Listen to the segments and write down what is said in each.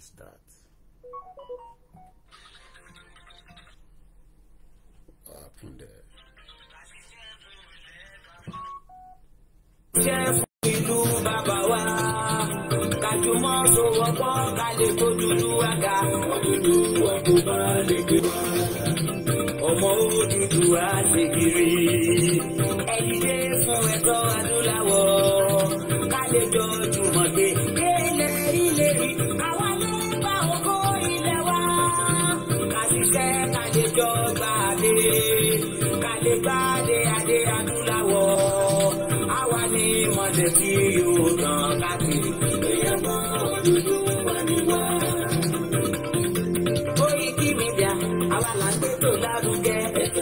is that? What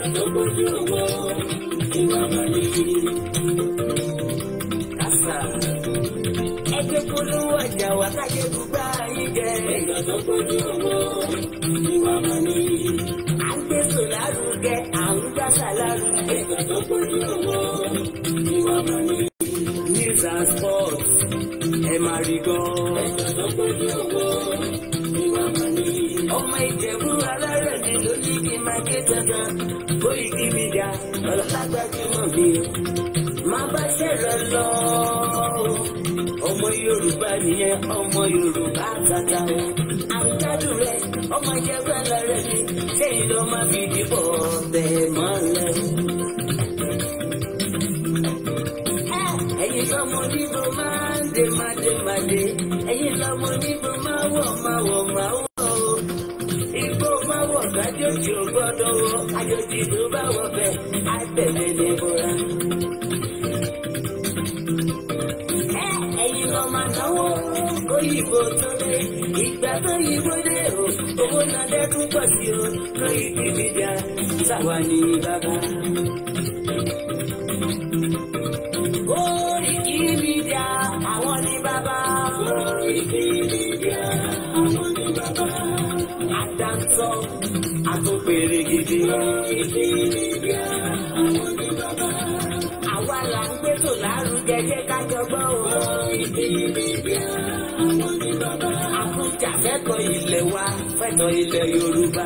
àjọgbójú owó ìwà màlẹ́yìn. kásá ẹgbẹ́ polówó ọjà wà kájẹ́ gbúgbà yìí jẹ́. àjọgbójú owó ìwà màlẹ́yìn. à ń lárugẹ gangan bóyí kíbi dá ọlọ́pàá gbajúmọ̀ mi má bá ṣẹlẹ̀ lọ ọmọ Yorùbá nìyẹn ọmọ Yorùbá tata o àwùjádùn rẹ ọmọ ìjẹgbẹ lọrẹ mi sẹ́yìn ló má fi dìbò bẹ́ẹ̀ mọ́lẹ̀. ẹ̀yin lọmọ onígbò máa ń dé máa dé máa dé ẹ̀yin lọmọ onígbò máa wọ̀ máa wọ̀ máa wọ̀. Happy péré gidi. àwa là ń gbé tò lárugẹ jẹ́ ká jọgbọ́n o. àkújà fẹ́tọ̀ ilẹ̀ wa fẹ́tọ̀ ilẹ̀ Yorùbá.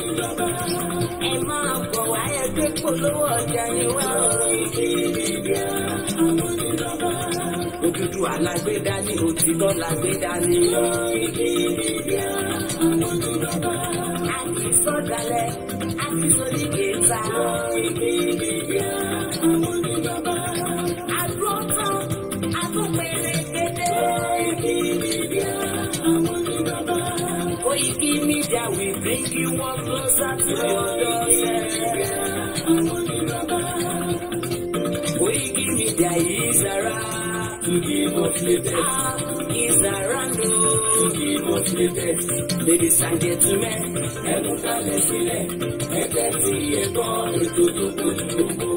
ẹ máa bọ̀ wá ẹgbẹ́ polówó ọjà ni wá òdúdú alágbèdá ní òtítọ́ lágbèdá ní. àti sọ́dalẹ̀ àti sọ́dí kẹta. to give us the best. Is around to give us the best. Baby, thank you to me. Ẹnu kalẹ̀ sílẹ̀, ẹgbẹ́ tí ẹ̀kọ́ ìtòtòkò gbogbo.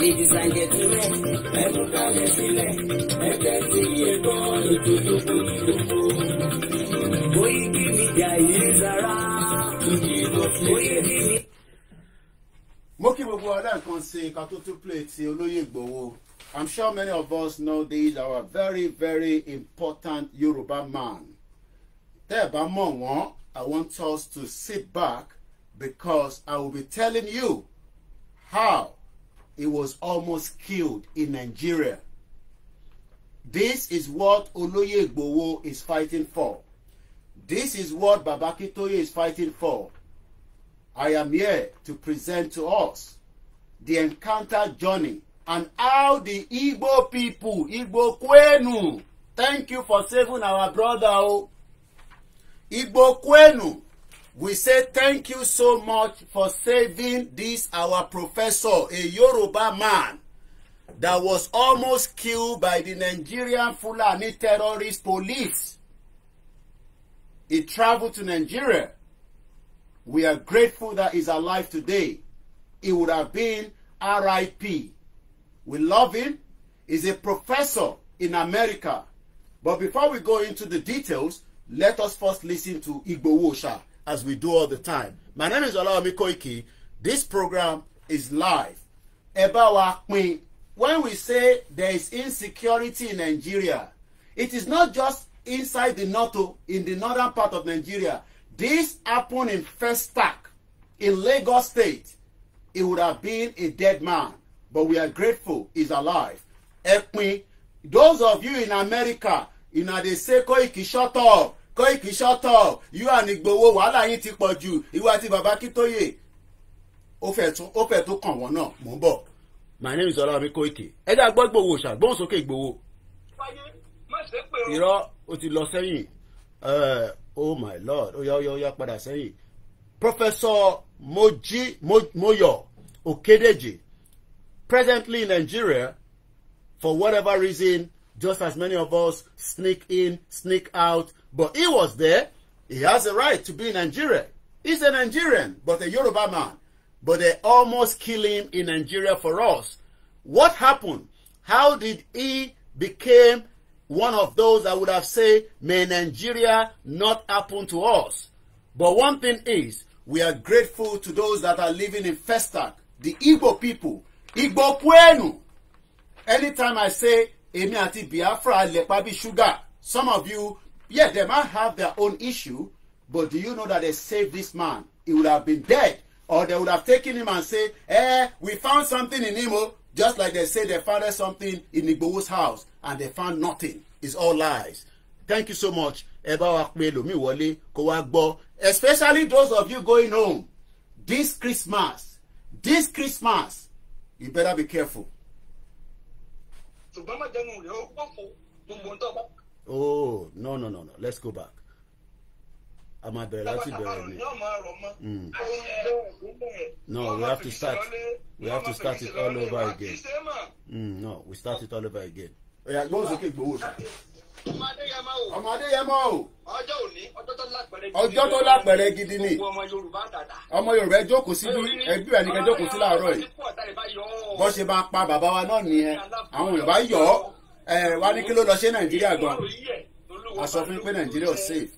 Ladies and gentlemen, ẹnu kalẹ̀ sílẹ̀, ẹgbẹ́ tí ẹ̀kọ́ ìtòtòkò gbogbo. Oyigi ni Jaiye Zara mo kí gbogbo ọ̀dà nǹkan ṣe ká tó tún play ti olóyè Ìgbòho I'm sure many of us know this our very very important Yoruba man tẹ́ ẹ̀ bá mọ̀ wọ́n I want us to sit back because I will be telling you how he was almost killed in Nigeria. This is what Oloye Igboho is fighting for. This is what Babaki Toye is fighting for. I am here to present to us the encounter journey and how the Igbo people, Igbo Kwenu, thank you for saving our brother. Oh. Igbo Kwenu, we say thank you so much for saving this our professor, a Yoruba man that was almost killed by the Nigerian Fulani terrorist police. He traveled to Nigeria. We are grateful that he's alive today. He would have been RIP. We love him. He's a professor in America. But before we go into the details, let us first listen to Igbo Wosha as we do all the time. My name is Olaomi Koiki. This program is live. Ebawa When we say there is insecurity in Nigeria, it is not just inside the north, in the northern part of Nigeria. This happened in first Festac in Lagos State. It would have been a dead man, but we are grateful he's alive. Ekpin, those of you in America, you know say Koiki shut up, Koiki shut up, you and Igboho wàhálà yín ti pọ̀ jù, ìwà àti bàbá Kítóyè. Ó fẹ́ tún ó fẹ́ tún kàn wọ́n náà, mò ń bọ̀. My name is Olawami Koiki. Ẹ dá gbọ́ Igboho ṣàgbọ́n sókè Igboho. Wáyé irọ́ o ti lọ sẹ́yìn eh, oh my lord ó yá ó yá padà sẹ́yìn Professor Moji Moyo Okedeji presently in Nigeria for whatever reason just as many of us sneak in sneak out but he was there he has a right to be in Nigeria he's a Nigerian but a Yoruba man but they almost kill him in Nigeria for us what happened how did he became one of those that would have said, may Nigeria not happen to us. But one thing is, we are grateful to those that are living in Festac, the Igbo people, Igbo Puenu. Anytime I say, Emi àti Biafra Lepabi Sugar, some of you, yes, yeah, they might have their own issue, but do you know that they saved this man? He would have been dead. Or they would have taken him and said, eh, we found something in him, oh, Just like they say they found something in Igbo's house and they found nothing. It's all lies. Thank you so much. Ẹ bá wa pe lomi wọlé kó wá gbọ́. Especially those of you going home this Christmas. This Christmas. You better be careful. Oh, no, no, no, no. Let's go back a máa bẹ̀rẹ̀ láti bẹ̀rẹ̀ ni. Hmm. no we have to start we have to start it all over again. Mm, no we start it all over again. ẹ̀yà gbọ́n sókè gbowó sọ. ọmọ adéyẹmọ o. ọmọ o. ọjọ́ òní ọjọ́ tó lápẹ̀rẹ̀ gidi ni. ọmọ yorùbá ẹ jókòó sí ẹbí rẹ nìkan jókòó sí láàárọ̀ yìí. bó ṣe máa pa bàbá wa náà nìyẹn àwọn yorùbá yọ ẹ wá ní kí ló lọ ṣe nàìjíríà gan. a sọ fún pé nàìjíríà safe.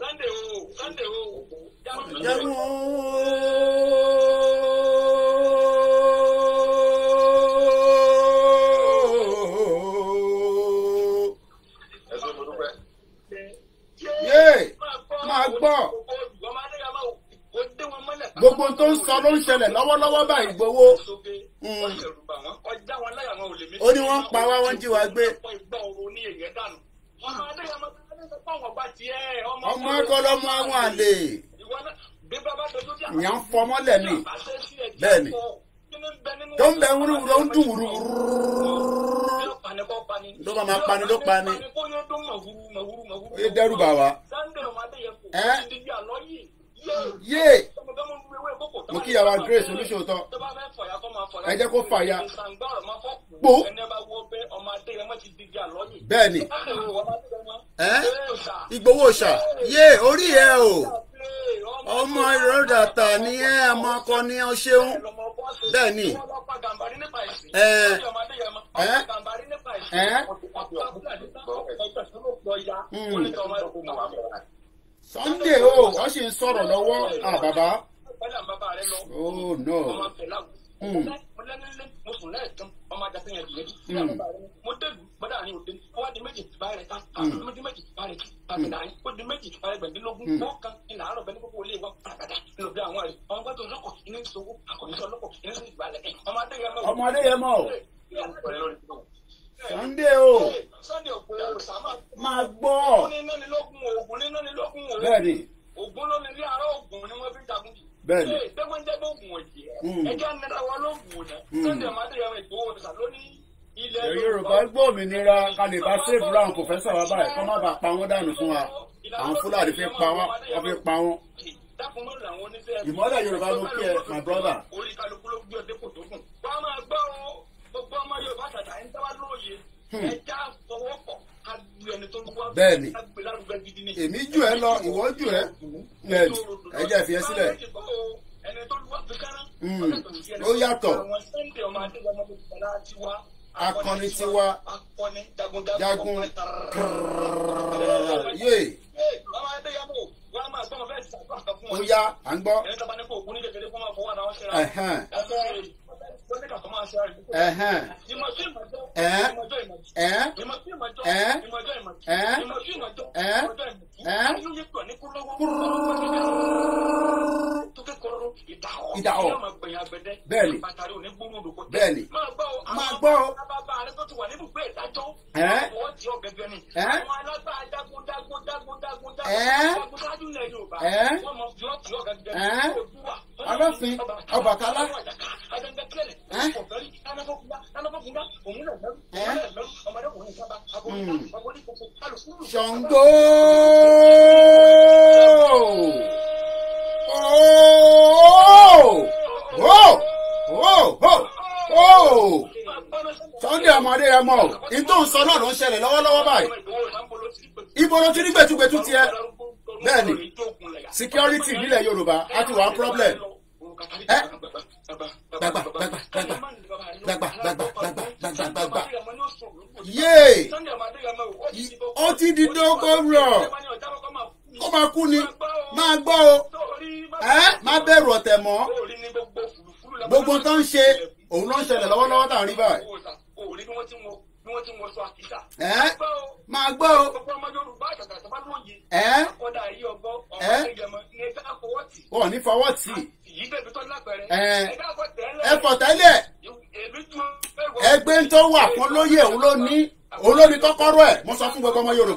Sunday o Sunday o jagun gbogbo tó ń sọ ló ń ṣẹlẹ̀ lọ́wọ́lọ́wọ́ báyìí gbowó ó ní wọ́n pa wá wọ́n jí wa gbé ọmọ ẹgbẹ́ ọmọ àwọn àlè ìyá ń fọmọ lẹ́nu bẹ́ẹ̀ ni tó ń bẹ wúrúwúrú ó ń dùn wúrúwúrú ló bá máa pani ló pani ó yẹ dẹ́rù bà wá. yé mo kí yàrá grace olùṣòótọ́ ẹ jẹ́ kó fàyà gbó. bẹ́ẹ̀ni ìgbowó ṣà yé orí ẹ o ọmọ ìrọ̀dàtà ni ẹ ọmọ akọni ọ ṣeun bẹ́ẹ̀ni ẹ ẹ ẹ hmm. Sunday o wọ́n sì ń sọ̀rọ̀ lọ́wọ́ àbàbá. Ah, pẹ́lá bàbá rẹ lọ. oh no. ọmọ pẹ̀lá hmm. mo lẹ́lẹ́lẹ́ mo sùn lẹ́ẹ̀kan ọmọ adásẹ́ yẹn lẹ́ẹ̀dí. Hmm. mo dẹ́lu gbọ́dọ̀ àárín òde ó wá di méjì bá ká hmm. ó di méjì bá rẹ̀ ká àbẹ̀dáyé ó di méjì bá rẹ̀ gbẹ̀dínlógún wọ́n kan ilà kókó olè wa pàgàdà lòdì àwọn rẹ̀ ọmọ gbọ́dọ̀ lọ́kọ̀ iná ìṣòwò àkọ̀yẹ́sọ lọ́kọ̀ iná ìṣòwò ìgbàlẹ̀ ọmọ adéyẹmọ. ọmọ adéyẹmọ sunday o máa gbọ́. ogun nínú ni lógún ogun nínú ni lógún ogun. bẹ́ẹ̀ ogun ló ní ní ará ogun ni wọ́n fi jagun jù bẹ́ẹ̀ni ṣé wọn jẹ gbógun òjì ẹjọ nira wọn ló gùn náà hmm. sunday amadu yẹn wọn ìgbówó nìkan lóní ilẹ̀ yorùbá gbòmìnira kàlíbà save round kò fẹ́ sọ̀rọ̀ báyìí kọ́ má bàa ìmọ̀lẹ̀ yorùbá ló kí ẹ my brother. orí kálukú ló gbé ọdẹ kò tó kùn. wọ́n máa gbọ́ gbogbo ọmọ yorùbá tàtà ẹni táwa lóye hmm. ẹja fọwọ́ pọ̀ bẹ́ẹ̀ni èmi jù ẹ lọ ìwọ jù ẹ bẹ́ẹ̀ni ẹ jẹ́ fi ẹ sílẹ̀ hmm. ó yàtọ̀ akọni tiwa jagun yé ó yá à ń gbọ́ ẹ̀hẹ́n ẹ̀hẹ́n ẹ̀hẹ́n ẹ̀hẹ́n. 哎，哎。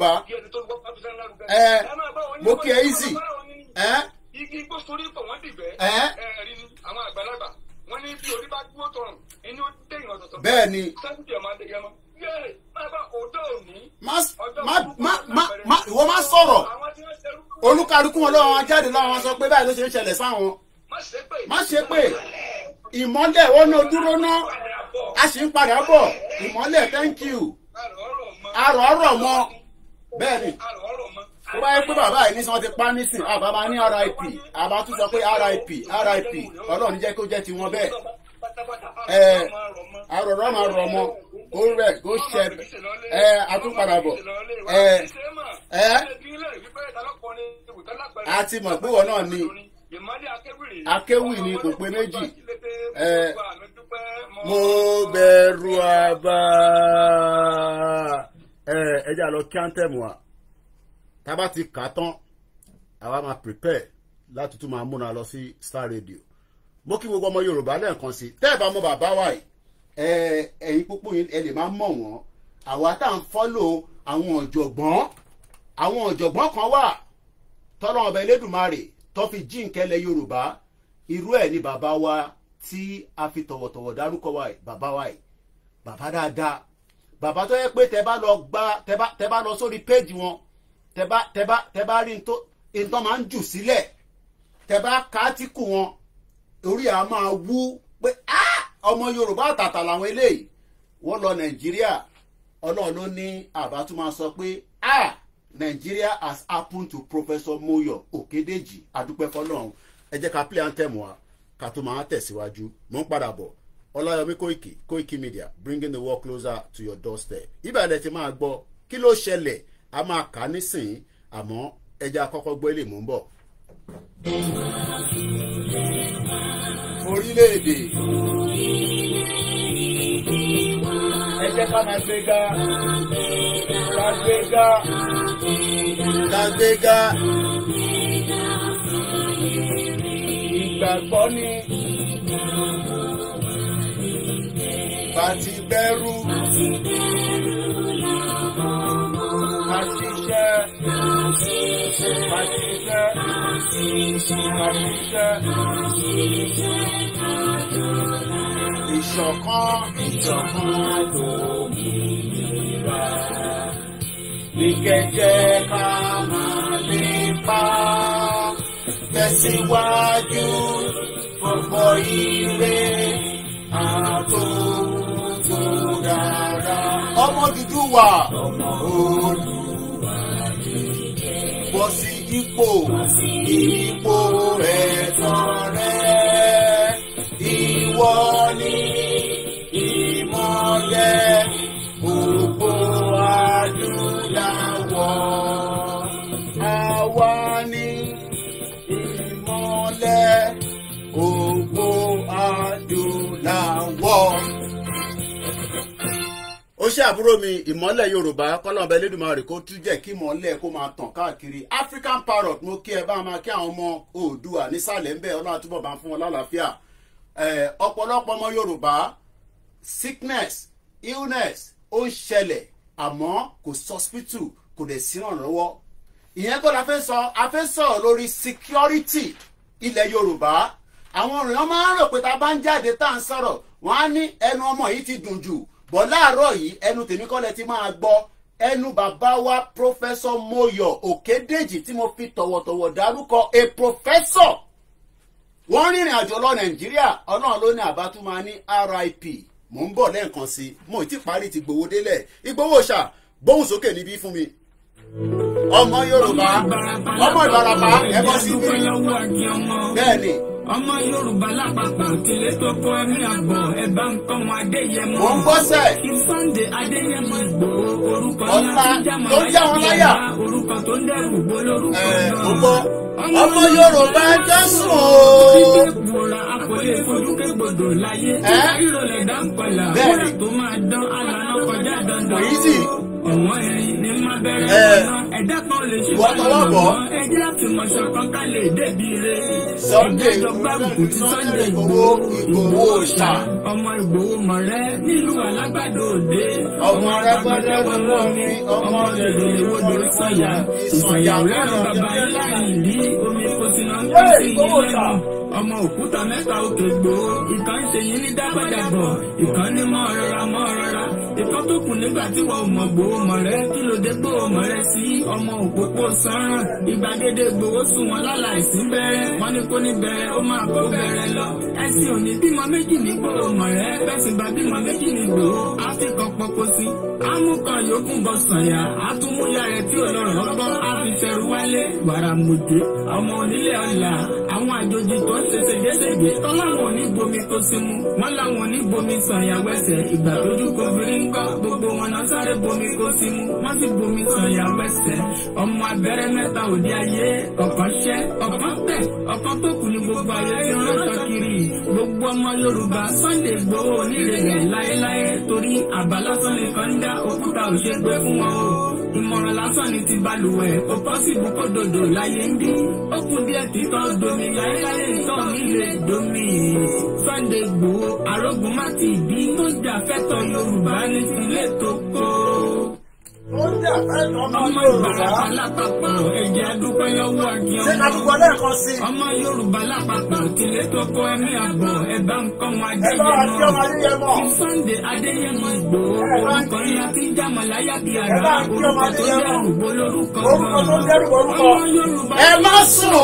yorùbá mo kí ẹ easy igi igbó ẹ rí ni àwọn wọn lọ́wọ́ jáde lọ́wọ́ wọn sọ pé báyìí ló ṣe ń ṣẹlẹ̀ sáwọn má ṣe pé ìmọ́lẹ̀ wọn náà dúró náà a sì ń padà bọ̀ ìmọ́lẹ̀ thank you ọ̀rọ̀ mọ bẹ́ẹ̀ni tó bá yẹ pé bàbá yìí ní sọ ti pa nísìn ah, àbá máa ní rip ah, àbá tún sọ pé rip rip Ọlọ́run jẹ́ kó jẹ́ tiwọn bẹ́ẹ̀ ẹ àròrọ máa rọ ọmọ kó rẹ kó ṣẹ ẹ àtúnpadàbọ̀ ẹ ẹ àti mọ̀ pé wọn náà ni akéwì ni kò pé méjì ẹ mo bẹ̀rù àbá ẹja lọ kí anthem wa tábà ti kà tán àwa máa prepare láti tún máa múra lọ sí Star Radio mo kí gbogbo ọmọ Yorùbá lẹ́ẹ̀kan sí tẹ́ ẹ̀ bá mọ bàbá wa yìí ẹ̀yin púpọ̀ yìí ẹ lè máa mọ̀ wọ́n àwa tá à ń fọ́lò àwọn ọ̀jọ̀gbọ́n àwọn ọ̀jọ̀gbọ́n kan wà tọ́lọ́ ọba Elédùmarè tó fi jíǹkẹ́lẹ̀ Yorùbá irú ẹ̀ ni bàbá wa tí a fi tọ̀wọ̀tọ̀wọ̀ dárúkọ wa yìí bàbá wa yìí bàbá dáadáa bàbá tó yẹ pé tẹ bá lọ gba tẹ bá lọ sórí péjì wọn tẹ bá tẹ bá tẹ bá rí nǹkan máa ń jù sílẹ̀ tẹ bá ka átíkù wọn orí à máa wú pé ah! ọmọ Yorùbá àtàtà làwọn eléyìí wọ́n lọ Nàìjíríà Ọlọ́run ló ní àbá tó máa sọ pé ah! Nigeria has happened to Professor Moyo Okedeji adúpẹ́ fọlọ́run ẹ jẹ́ ká play anthem wa ká tó máa tẹ̀síwájú mò ń padà bọ̀ ọláyọmí kóìkì kóìkì media bringing the world closer to your doorstep ìbàdàn ti máa gbọ́ kí ló ṣẹlẹ̀ a máa kà á nísìnyí àmọ́ ẹja kọ́kọ́ gbọ́ ilé mò ń bọ̀. orílẹ̀-èdè ẹ jẹ́ ká ga ká gbé ga ká gbé ga ìgbàgbọ́ ni àti bẹ̀rù. Àti jẹ́. Àti jẹ́. Àti jẹ́. Ìṣọ̀kan. Ìṣọ̀kan àjò òmìnira. Ìkẹ̀kẹ́ ká máa lè pa. Tẹ̀síwájú gbogbo ire. dúdú wà. Bọ́ sí ipò ipò rẹ̀ tán. àbúrò mi ìmọ́lẹ̀ yorùbá kọ́lọ́n bẹ lẹ́dùnmọ́ rẹ̀ kó tún jẹ́ kí ìmọ́lẹ̀ kó máa tàn káàkiri african parrot mo kí ẹ bá máa kí àwọn ọmọ oòdùà nísàlẹ̀ ń bẹ̀ ọlọ́run túbọ̀ bá ń fún wọn lálàáfíà ọ̀pọ̀lọpọ̀ ọmọ yorùbá sickness illness ó ń ṣẹlẹ̀ àmọ́ kò sọ́spítù kò dẹ̀ sí ìrànlọ́wọ́ ìyẹn kọ́ la fẹ́ sọ a fẹ́ sọ̀rọ̀ lórí security ilẹ̀ yorùbá àwọn èèyàn máa ń rò pé ta bá ń jáde tá à ń sọ̀rọ̀ wọ́n á ní ẹnu ọmọ yìí ti dùn jù bọ̀ láàárọ̀ yìí ẹnu tèmi kọ́lẹ̀ ti máa gbọ́ ẹnu bàbá wa pọ́fẹ́sọ̀ Mọ́yọ̀ Òkédèjì tí mo fi tọ̀wọ̀tọ̀wọ̀ dárúkọ a pọ́fẹ́sọ̀ wọ́n rìnrìn àjò lọ Nàìjíríà ọlọ́run ló ní àbátúmọ̀ ní RIP mò ń bọ̀ lẹ́ẹ̀kan sí mo ti ọmọ yorùbá lápapọ̀ òkèlè tó kọ́ ẹ̀mí àgbọ̀ ẹ̀bá nǹkan adéyẹmọ. ó ń bọ́sẹ̀. kí sunday adéyẹmọ ìgbòho orúkọ náà tó já mọ́ ayé orúkọ tó ń dẹ́rù gbó lórúkọ náà. ọmọ yorùbá jésù o. ìgbẹ́ gbòòrà akọ̀lẹ́ ìfojúkẹ́gbòdò láyé. ẹ́ bẹ́ẹ̀ ni tó máa dán àlànà kọjá dandan ọ̀wọ́n irin ní má bẹ̀rẹ̀ ọ̀nà ọmọ Igboho mọ̀rẹ́ nílùú alágbàdo òde. ọmọ arágbádá ọmọ mi ọmọ òdòdó ìwòdò sọ̀yà. ìsọ̀yà rẹ̀rùn bàbá ńlá ìdí omi kò ń pèsè ìyẹn ọmọ òkúta mẹ́ta òkè gbòó ìkan ṣèyí ní dábàdàgbọ̀ ìkan ní mọ́ rọra mọ́ nǹkan tó kù nígbà tí wọn ò mọ̀ gbòó mọ̀ rẹ kí ló dé gbòó mọ̀ rẹ sí ọmọ òpópó sánrán ìgbàgede gbòó sùn wọn láláìsí bẹ̀rẹ̀ wọn ní kó ní bẹ̀rẹ̀ ó máa kó bẹ̀rẹ̀ lọ ẹsìn òní bímọ méjì ní gbòó mọ̀ rẹ bẹ́sìn bá bímọ méjì ní gbòó á fi kan pọpọ sí amúkan yòókù bọ sànyà àtúmúyà rẹ tí ò lọrọ ọgbọ á fi fẹrù wálé wàrà mùdé ọmọ onílé ọlà àwọn àjòjì tó ń ṣe ṣègbéṣègbè tó láwọn oníbomi tó ti mú wọn láwọn oníbomi sàn ìyàwó ẹsẹ̀ ìgbà lójú kò bírí ń gbọ́ gbogbo wọn náà sáré bomi kó ti mú wọn ti bomi sàn ìyàwó ẹsẹ̀ ọmọ abẹ́rẹ́ mẹ́ta òde ayé ọ̀kan ṣẹ́ ọ̀kan tẹ̀ ọ̀kan tó kù ní gbogbo ayé tí wọ́n sọ kiri gbogbo ọmọ Yorùbá Sunday Igboho onírèlè láéláé torí àbá lásán nìkan ń dá òkúta òṣègbè fún wọn o ìmọ̀ràn lásán ni ti balùwẹ̀ kò pọ́sibú kó dòdò láyé ń bí. ó kún díẹ̀ títọ́ domi láéláé ìtọ́ mi lè domi. Sunday Igboho arógun má ti bí. tó jà fẹ́tọ̀ Yorùbá ní sílé tó kó ọmọ Yorùbá lápapọ̀ ẹ̀jẹ̀ adúpẹ́ lọ́wọ́ àgbẹ̀ ọmọ. Yorùbá lápapọ̀ tìlé tọkọ ẹ̀mí àbọ̀ ẹ̀bá nǹkan wọn Adéyẹmọ. kí Sunday Adéyẹmọ Ìgbòho orúkọ yẹn ti ń jàmàláyà bí ara orúkọ tó dẹrù bó lórúkọ ọmọ Yorùbá ẹ má sùn o.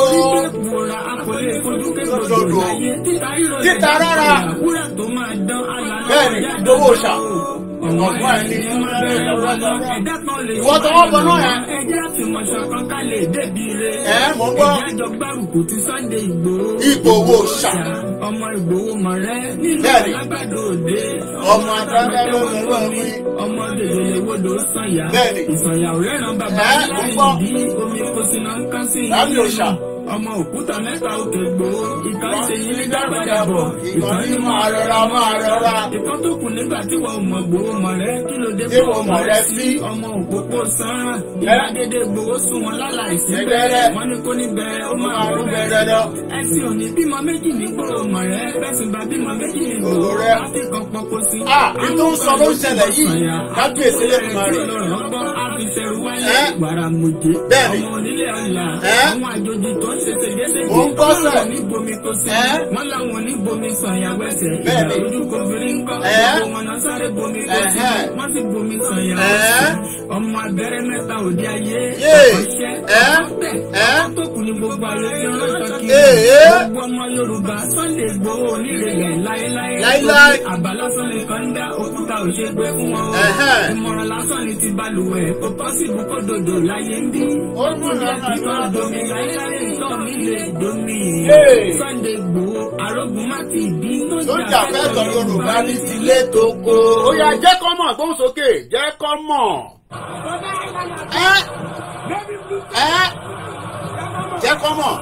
torí pé wòrà akọ̀lẹ̀ fojú kékeré láyé títa rárá. wúrà tó máa ìwọ tó wọ́n Ìgbòho. Ìgbòho ọmọ Ìgbòho mọ̀rẹ́. bẹ́ẹ̀ni ọmọ adájọ́ ló ń wọ́n mi. ọmọ dèdèlè wodò sànyà. bẹ́ẹ̀ni ìsànyà òrẹ́ràn bàbá yìí. ẹ mọ̀ omi kò sí náà ń kán ọmọ òkúta mẹ́ta òkè gbó ìkan ṣe yín ní dágbàjà bọ̀ ìkan ní máa rọra máa rọra. ìkan tó kù nígbà tí wọn mọ̀ gbòó mọ̀ kí ló dé bó mọ̀ sí. ọmọ òpópó sanra ìyáàdédé gbowó sún wọn lálàyé sí bẹ̀rẹ̀ ní kó ní ó máa rú bẹ̀rẹ̀ lọ. ẹ̀sìn òní bímọ méjì ní gbòó mọ̀ bẹ́sìn bá bímọ méjì ní gbòó rẹ láti kan pọkó àlà àwọn àjòjì tó ń ṣe ṣègbésègbè wọn làwọn ní bomi tó ṣe wọn làwọn ní bomi sànyàwó ẹsẹ̀ ojú kò fi rí ń kọ́ gbogbo wọn náà sáré bomi tó ṣe wọn sì bomi sànyàwó ẹsẹ̀ ọmọ abẹ́rẹ́ mẹ́ta òde ayé ọ̀ṣẹ́ ọ̀tẹ̀ ọ̀tọ̀kù ni gbogbo àlejò ọlọ́sọ kiri gbogbo ọmọ Yorùbá Sunday Igboho onírèlè láéláé àbá lásán ni òkúta òṣègbè fún wọn ìmọ̀ràn lásán ni ti balùwẹ̀ kò dòdò láyé ń bí ìyá kìtọ́ domi láéláé ìtọ́ mi lè domi Sunday Igboho arógun má ti bí lójà fẹ́ sọ Yorùbá ní tilé tó kó. ó yá gbóhùn sókè jẹ́ ẹ ẹ jẹ́ kọ́ mọ̀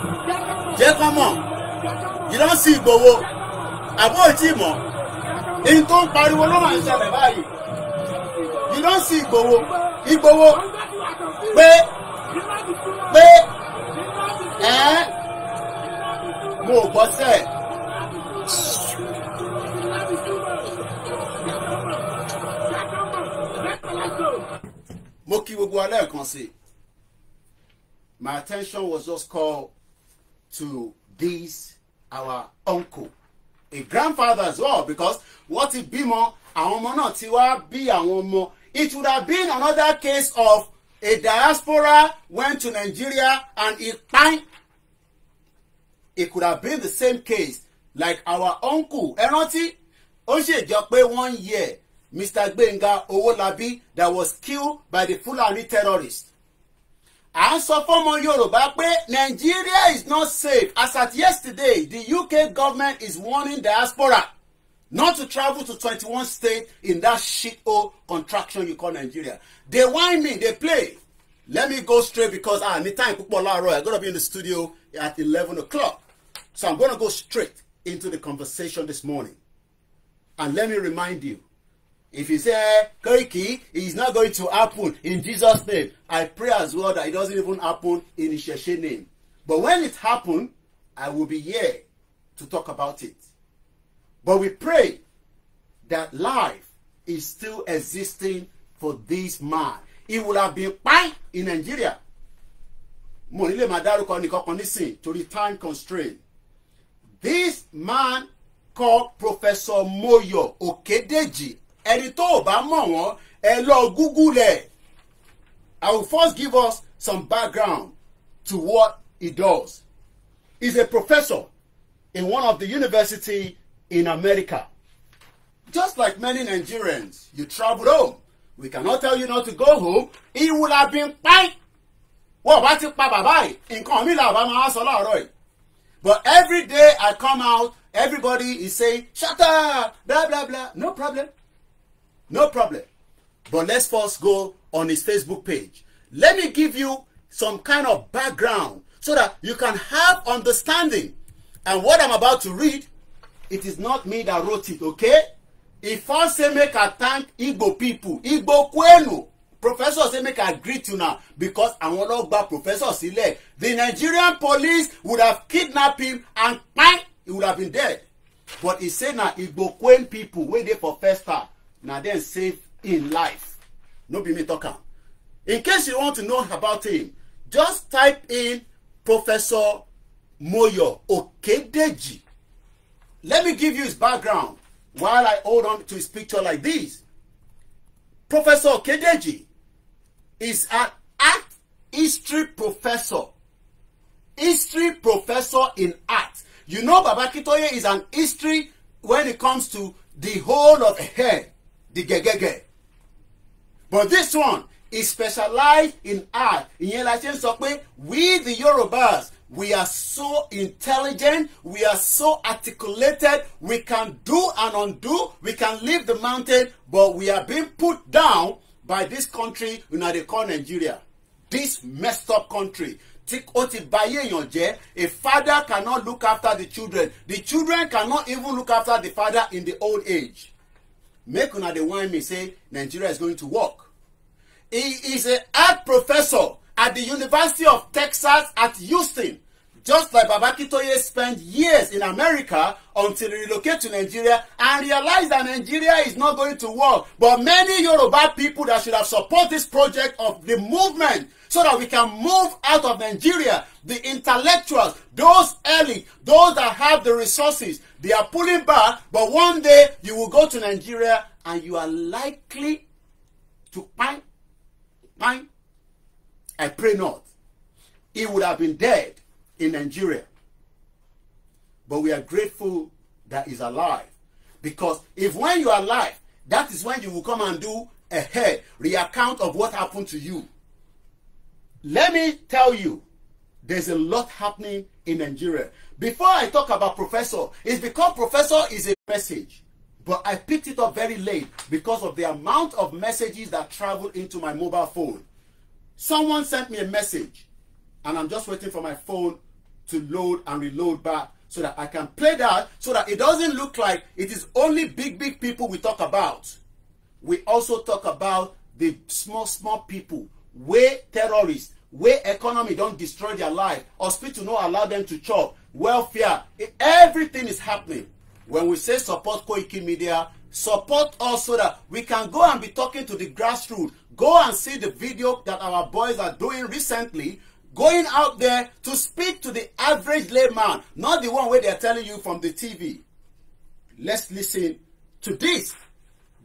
jẹ́ kọ́ mọ̀ yìí sí Ìgbòho àbó ìtì mọ̀ èyí tó ń pariwo ló máa ń ṣẹlẹ̀ báyìí yìí sí Ìgbòho Ìgbòho pé pé ẹ mo gbọ́ sẹ́ẹ̀. mo kí gbogbo wa lẹ́ẹ̀kan sí i my attention was just called to this our uncle a grandfather as well because wọ́n ti bímọ àwọn ọmọ náà ti wá bí àwọn ọmọ it would have been another case of a diaspora went to Nigeria and he kpain it could have been the same case like our uncle ẹ rántí ó ṣèjọ pé one year Mr. Gbenga Owolabi that was killed by the Fulani terrorists. À ń sọ fọ́mọ Yorùbá pé Nigeria is not safe as at yesterday the UK government is warning diaspora not to travel to 21 states in that shit hole contraction you call Nigeria. They whine me, they play. Let me go straight because I need time púpọ̀ láàárọ̀ I gotta be in the studio at 11 o'clock. So I'm gonna go straight into the conversation this morning. And let me remind you If you say eh, it is not going to happen in Jesus' name. I pray as well that it doesn't even happen in Isheshe name. But when it happens, I will be here to talk about it. But we pray that life is still existing for this man. He would have been fine in Nigeria. Mo ní lè máa dárúkọ nìkan kan time constraint. This man called Professor Moyo Okedeji ẹni tó o bá mọ̀ wọ́n ẹ lọ google I will first give us some background to what he does. He's a professor in one of the university in America. Just like many Nigerians, you travel home. We cannot tell you not to go home. He would have been fine. Wọ́n bá ti pa bàbá yìí, nǹkan mi làbá máa sọ láàárọ̀ yìí. But every day I come out, everybody is saying, shut up, blah blah blah, no problem. No problem. But let's first go on his Facebook page. Let me give you some kind of background so that you can have understanding. And what I'm about to read, it is not me that wrote it, okay? Ifa say make I thank Igbo people, Igbo kwenu. Professor say make I greet you now because àwọn ọlọ́gbà professor sílẹ̀. The Nigerian police would have kidnapped him and kpai he would have been dead. But he say na Igbo kwen people wey dey for first time na dem save im life no be me talk am in case you want to know about him just type in professor moyo okedeji let me give you his background while i hold on to his picture like this professor okedeji is an art history professor history professor in art you know baba akintoye is an history when it comes to the whole of hair the gẹ̀gẹ̀gẹ̀ but this one is specialized in art ìyẹn la ṣe ń sọ pé we the Yorubas we are so intelligent we are so articulated we can do and undo we can leave the mountain but we are being put down by this country una dey call Nigeria this messed up country tí ó ti bà èèyàn jẹ́ a father cannot look after the children the children cannot even look after the father in the old age make una dey whine me say nigeria is going to work he is a art professor at the university of texas at houston just like baba kitoye spent years in america until he relocate to nigeria and realize that nigeria is not going to work but many yoruba people that should have support this project of the movement so that we can move out of nigeria the intellectuals those early, those that have the resources They are pulling back, but one day you will go to Nigeria and you are likely to pine. Pine. I pray not. He would have been dead in Nigeria. But we are grateful that he's alive. Because if when you are alive, that is when you will come and do a head reaccount of what happened to you. Let me tell you, there's a lot happening in Nigeria. Before I talk about professor, it's because professor is a message. But I picked it up very late because of the amount of messages that travel into my mobile phone. Someone sent me a message, and I'm just waiting for my phone to load and reload back so that I can play that so that it doesn't look like it is only big, big people we talk about. We also talk about the small, small people, where terrorists, where economy don't destroy their life, hospital not allow them to chop, welfare everything is happening when we say support Koiki Media support us so that we can go and be talking to the grassroots go and see the video that our boys are doing recently going out there to speak to the average layman not the one wey they are telling you from the TV let's listen to this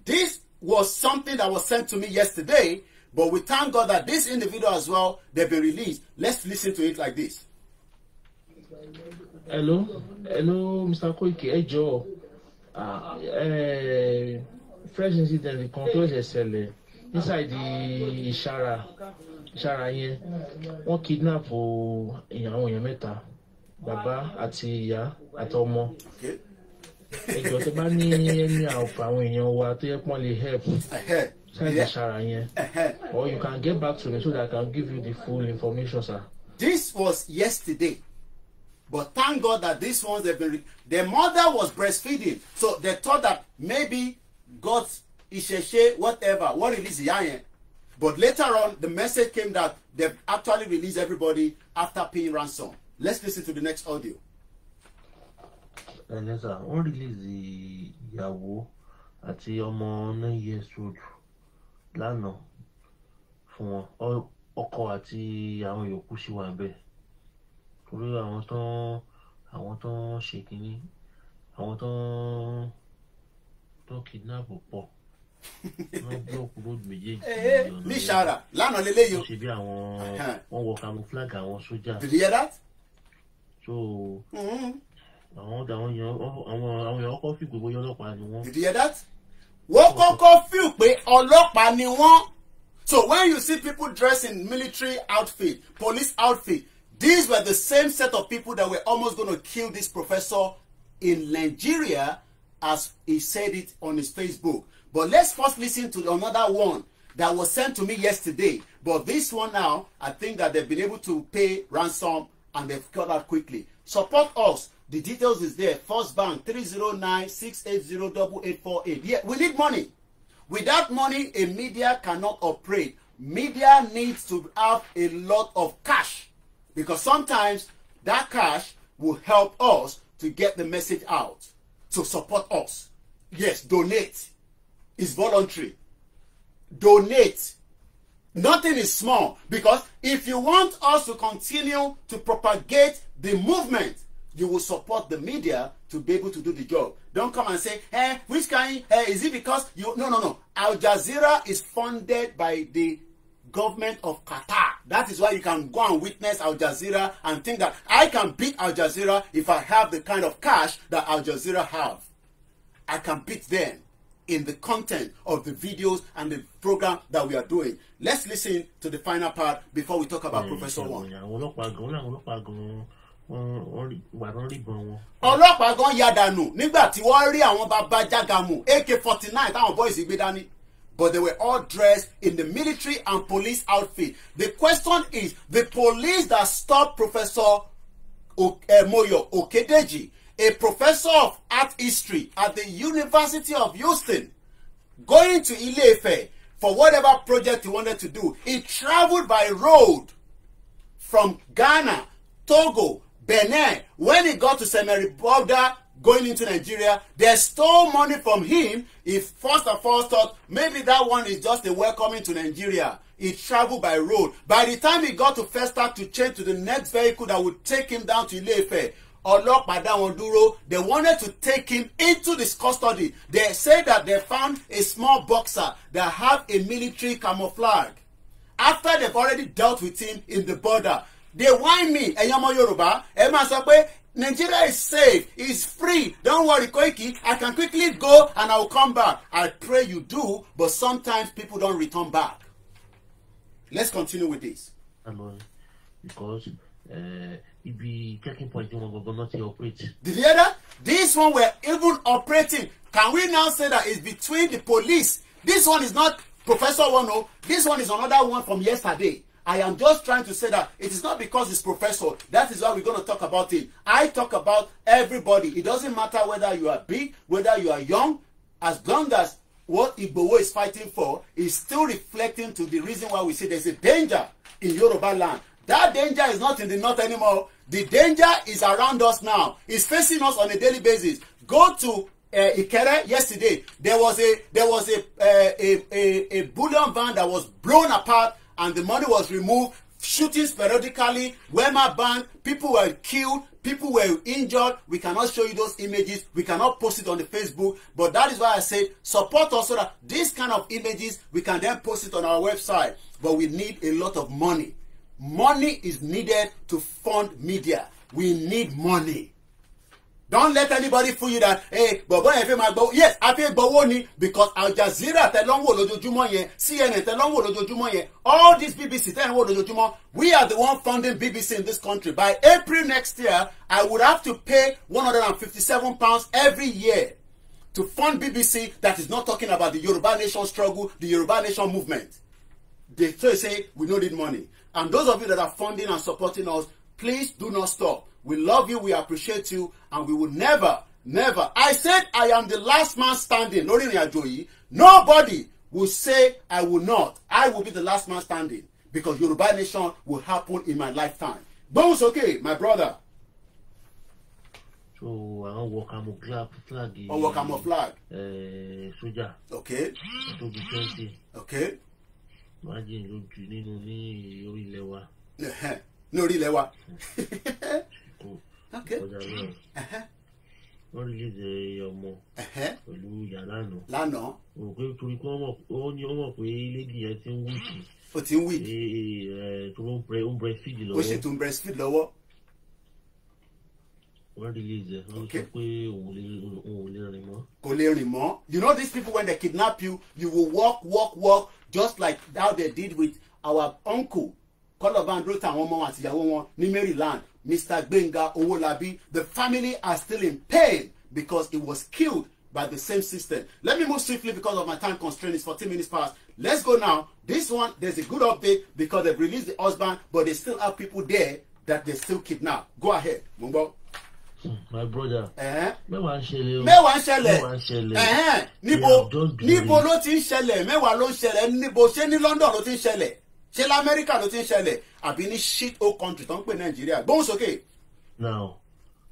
this was something that was sent to me yesterday but we thank God that this individual as well they been released let's listen to it like this hello hello Mr. Koiki ẹ jọ̀ọ́ fresh incident kan tó ṣe ṣẹlẹ̀ inside ìṣara ìṣara yẹn wọ́n kidnap àwọn èèyàn mẹ́ta bàbá àti ìyá àtọmọ ẹjọ tó bá ní ẹni àwọn èèyàn wa tó yẹ pọ́n lè help ṣáàjì ìṣara yẹn or you can get back to me so that I can give you the full information sir. This was yesterday. But thank God that these ones have been. The mother was breastfeeding, so they thought that maybe God Isheshe, whatever, what release Yayen. But later on, the message came that they actually released everybody after paying ransom. Let's listen to the next audio. ẹ̀lẹ́ sà wọ́n rìlíìsì ìyàwó àti ọmọ nine years old lánàá fún wọn ọkọ àti àwọn yòókù ṣì wà bẹ́ẹ̀ torí àwọn tó àwọn tó ń ṣe kínní àwọn tó ń tó kidnap pọ̀ wọ́n búlọ̀kù róòdù méjèèjì. Eh, eh, ní sara lánàá lélẹ́yìn. wọ́n ṣe bí àwọn wọ́n wọ camouflage àwọn sójà. did you hear that. so mm-hmm. àwọn àwọn èèyàn àwọn àwọn èèyàn kọ́ fìgbè bóyá ọlọ́pàá ni wọ́n. did you hear that. wọ́n kọ́kọ́ feel pé ọlọ́pàá ni wọ́n. so when you see people dressed in military outfit police outfit These were the same set of people that were almost going to kill this professor in Nigeria as he said it on his Facebook. But let's first listen to another one that was sent to me yesterday. But this one now, I think that they've been able to pay ransom and they've got out quickly. Support us. The details is there. First Bank 309-680-8848. Yeah, we need money. Without money, a media cannot operate. Media needs to have a lot of cash Because sometimes that cash will help us to get the message out. to support us. Yes, donate. is voluntary. Donate. Nothing is small because if you want us to continue to propagate the movement, you will support the media to be able to do the job. Don't come and say, "Hey, eh, which kind, Hey, eh, is it because you, no, no, no. Al Jazeera is funded by the government of Qatar. That is why you can go and witness Al Jazeera and think that I can beat Al Jazeera if I have the kind of cash that Al Jazeera have. I can beat them in the content of the videos and the program that we are doing. Let's listen to the final part before we talk about mm, Professor Wong. ọlọ́pàá gan ya dànù nígbà tí wọ́n rí àwọn bàbá AK forty nine táwọn boys gbé dání but they were all dressed in the military and police outfit. The question is the police that stopped Professor o uh, Moyo Okedeji, a professor of art history at the University of Houston, going to Ilefe for whatever project he wanted to do. He traveled by road from Ghana, Togo, Benin. When he got to Semeribodà, going into Nigeria, they stole money from him. If first and first thought, maybe that one is just a welcoming to Nigeria. He traveled by road. By the time he got to Festac to change to the next vehicle that would take him down to Ile-Ife, by that wọn dúró they wanted to take him into this custody they said that they found a small boxer that have a military camouflage after they've already dealt with him in the border they whine me ẹ̀yin Yoruba. Yorùbá ẹ Nigeria is safe, it's free. Don't worry, Koiki. I can quickly go and I will come back. I pray you do, but sometimes people don't return back. Let's continue with this. Because uh, eh, be checking point One, wọn not náà ti operate. Did you hear that? This one were even operating. Can we now say that it's between the police? This one is not Professor One This one is another one from yesterday. I am just trying to say that it is not because he's professor. That is why we're going to talk about it. I talk about everybody. It doesn't matter whether you are big, whether you are young, as long as what Igbowo is fighting for is still reflecting to the reason why we say there's a danger in Yoruba land. That danger is not in the north anymore. The danger is around us now. It's facing us on a daily basis. Go to uh, Ikere yesterday. There was a there was a, uh, a a a bullion van that was blown apart and the money was removed shootings periodically wema band people were killed people were injured we cannot show you those images we cannot post it on the facebook but that is why i said support us so that this kind of images we can then post it on our website but we need a lot of money money is needed to fund media we need money don't let anybody fool you that hey bọ̀bọ̀ yẹn fẹ́ máa gbọ́ yes a fẹ́ gbọ́wọ́ ni because Al Jazeera tẹ lọ́n wò lójoojúmọ́ yẹn CNN tẹ lọ́n wò lójoojúmọ́ yẹn all these BBC tẹ lọ́n wò lójoojúmọ́ we are the one funding BBC in this country by April next year I would have to pay one hundred and fifty-seven pounds every year to fund BBC that is not talking about the Yoruba nation struggle the Yoruba nation movement they say we no need money and those of you that are funding and supporting us please do not stop We love you, we appreciate you, and we will never, never. I said I am the last man standing. Lórí ìrìn àjò nobody will say I will not. I will be the last man standing because Yoruba nation will happen in my lifetime. Gbóhùn okay, my brother. so I don't àwọn wọ camouflage flag yìí ọwọ camouflage eh, sójà tóbi twenty imagine lójú nínú ní orí ilẹ̀ wa. ní orí ilẹ̀ wa hmm. Okay. ọjà náà wọ́n rìlíìsì ọmọ pẹ̀lú ìyá lánàá. lánàá. o pé torí pé ó ní ọmọ pé lady yẹn ti ń wíìkì. ó ti ń wíìkì. tó ń brẹ ń breastfeed lọ́wọ́. ó sì tún breastfeed lọ́wọ́. wọ́n rìlíìsì ẹ̀ wọ́n sọ pé òun ò lè rìn mọ́. kò lè rìn mọ́. you know these people when they kidnap you you will walk walk walk just like how they did with our uncle kọ́lọ̀ bá ń dúró tàwọn ọmọ àtìyàwó wọn ní maryland Mr. Benga Owolabi, the family are still in pain because he was killed by the same system. Let me move swiftly because of my time constraint It's 14 minutes past. Let's go now. This one, there's a good update because they've released the husband, but they still have people there that they still kidnap. Go ahead, Mumbo. My brother. Eh? Mẹ́wàá ń ṣẹlẹ̀ o. Mẹ́wàá ń ṣẹlẹ̀. Eh, níbo níbo ló ti ń ṣẹlẹ̀? Mẹ́wàá ló ń ṣẹlẹ̀. Níbo ṣé ní London ló ti ń ṣẹlẹ̀? ṣé lamẹ́ríkà ló ti ń ṣẹlẹ̀ àbí ní shit hole country tó ń pè nàìjíríà gbóhùn sókè. now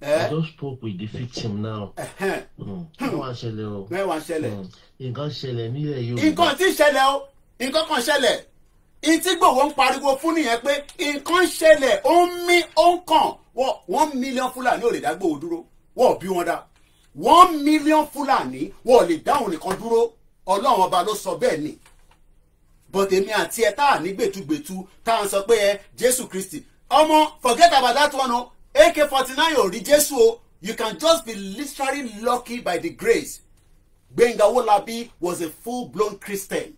eh? i just spoke with the victim now. Hmm, mẹ́wàá ṣẹlẹ̀ o. mẹ́wàá ṣẹlẹ̀. Hmm, nǹkan ṣẹlẹ̀ nílẹ̀ yorùbá. nǹkan ti ṣẹlẹ̀ o nǹkan kan ṣẹlẹ̀ ìtí gbòòwò ń pariwo fún nìyẹn pé nǹkan ṣẹlẹ̀ ó ń mí ó ń kàn one million fúlàní ò lè dá gbòòwò dúró wọ́n bí wọn dá one million fúlàní wọ́n lè dá òun nìkan dúró ọlọ́run ọba ló sọ bẹ́ẹ̀ ni but èmi àti ẹ tá à ní gbẹ̀tugbẹ̀tu tá à ń sọ pé ẹ jésù kristi ọmọ forget about that one o ak forty nine ò rí jésù o you can just be literally lucky by the grace Gbenga Wolabi was a full blown Christian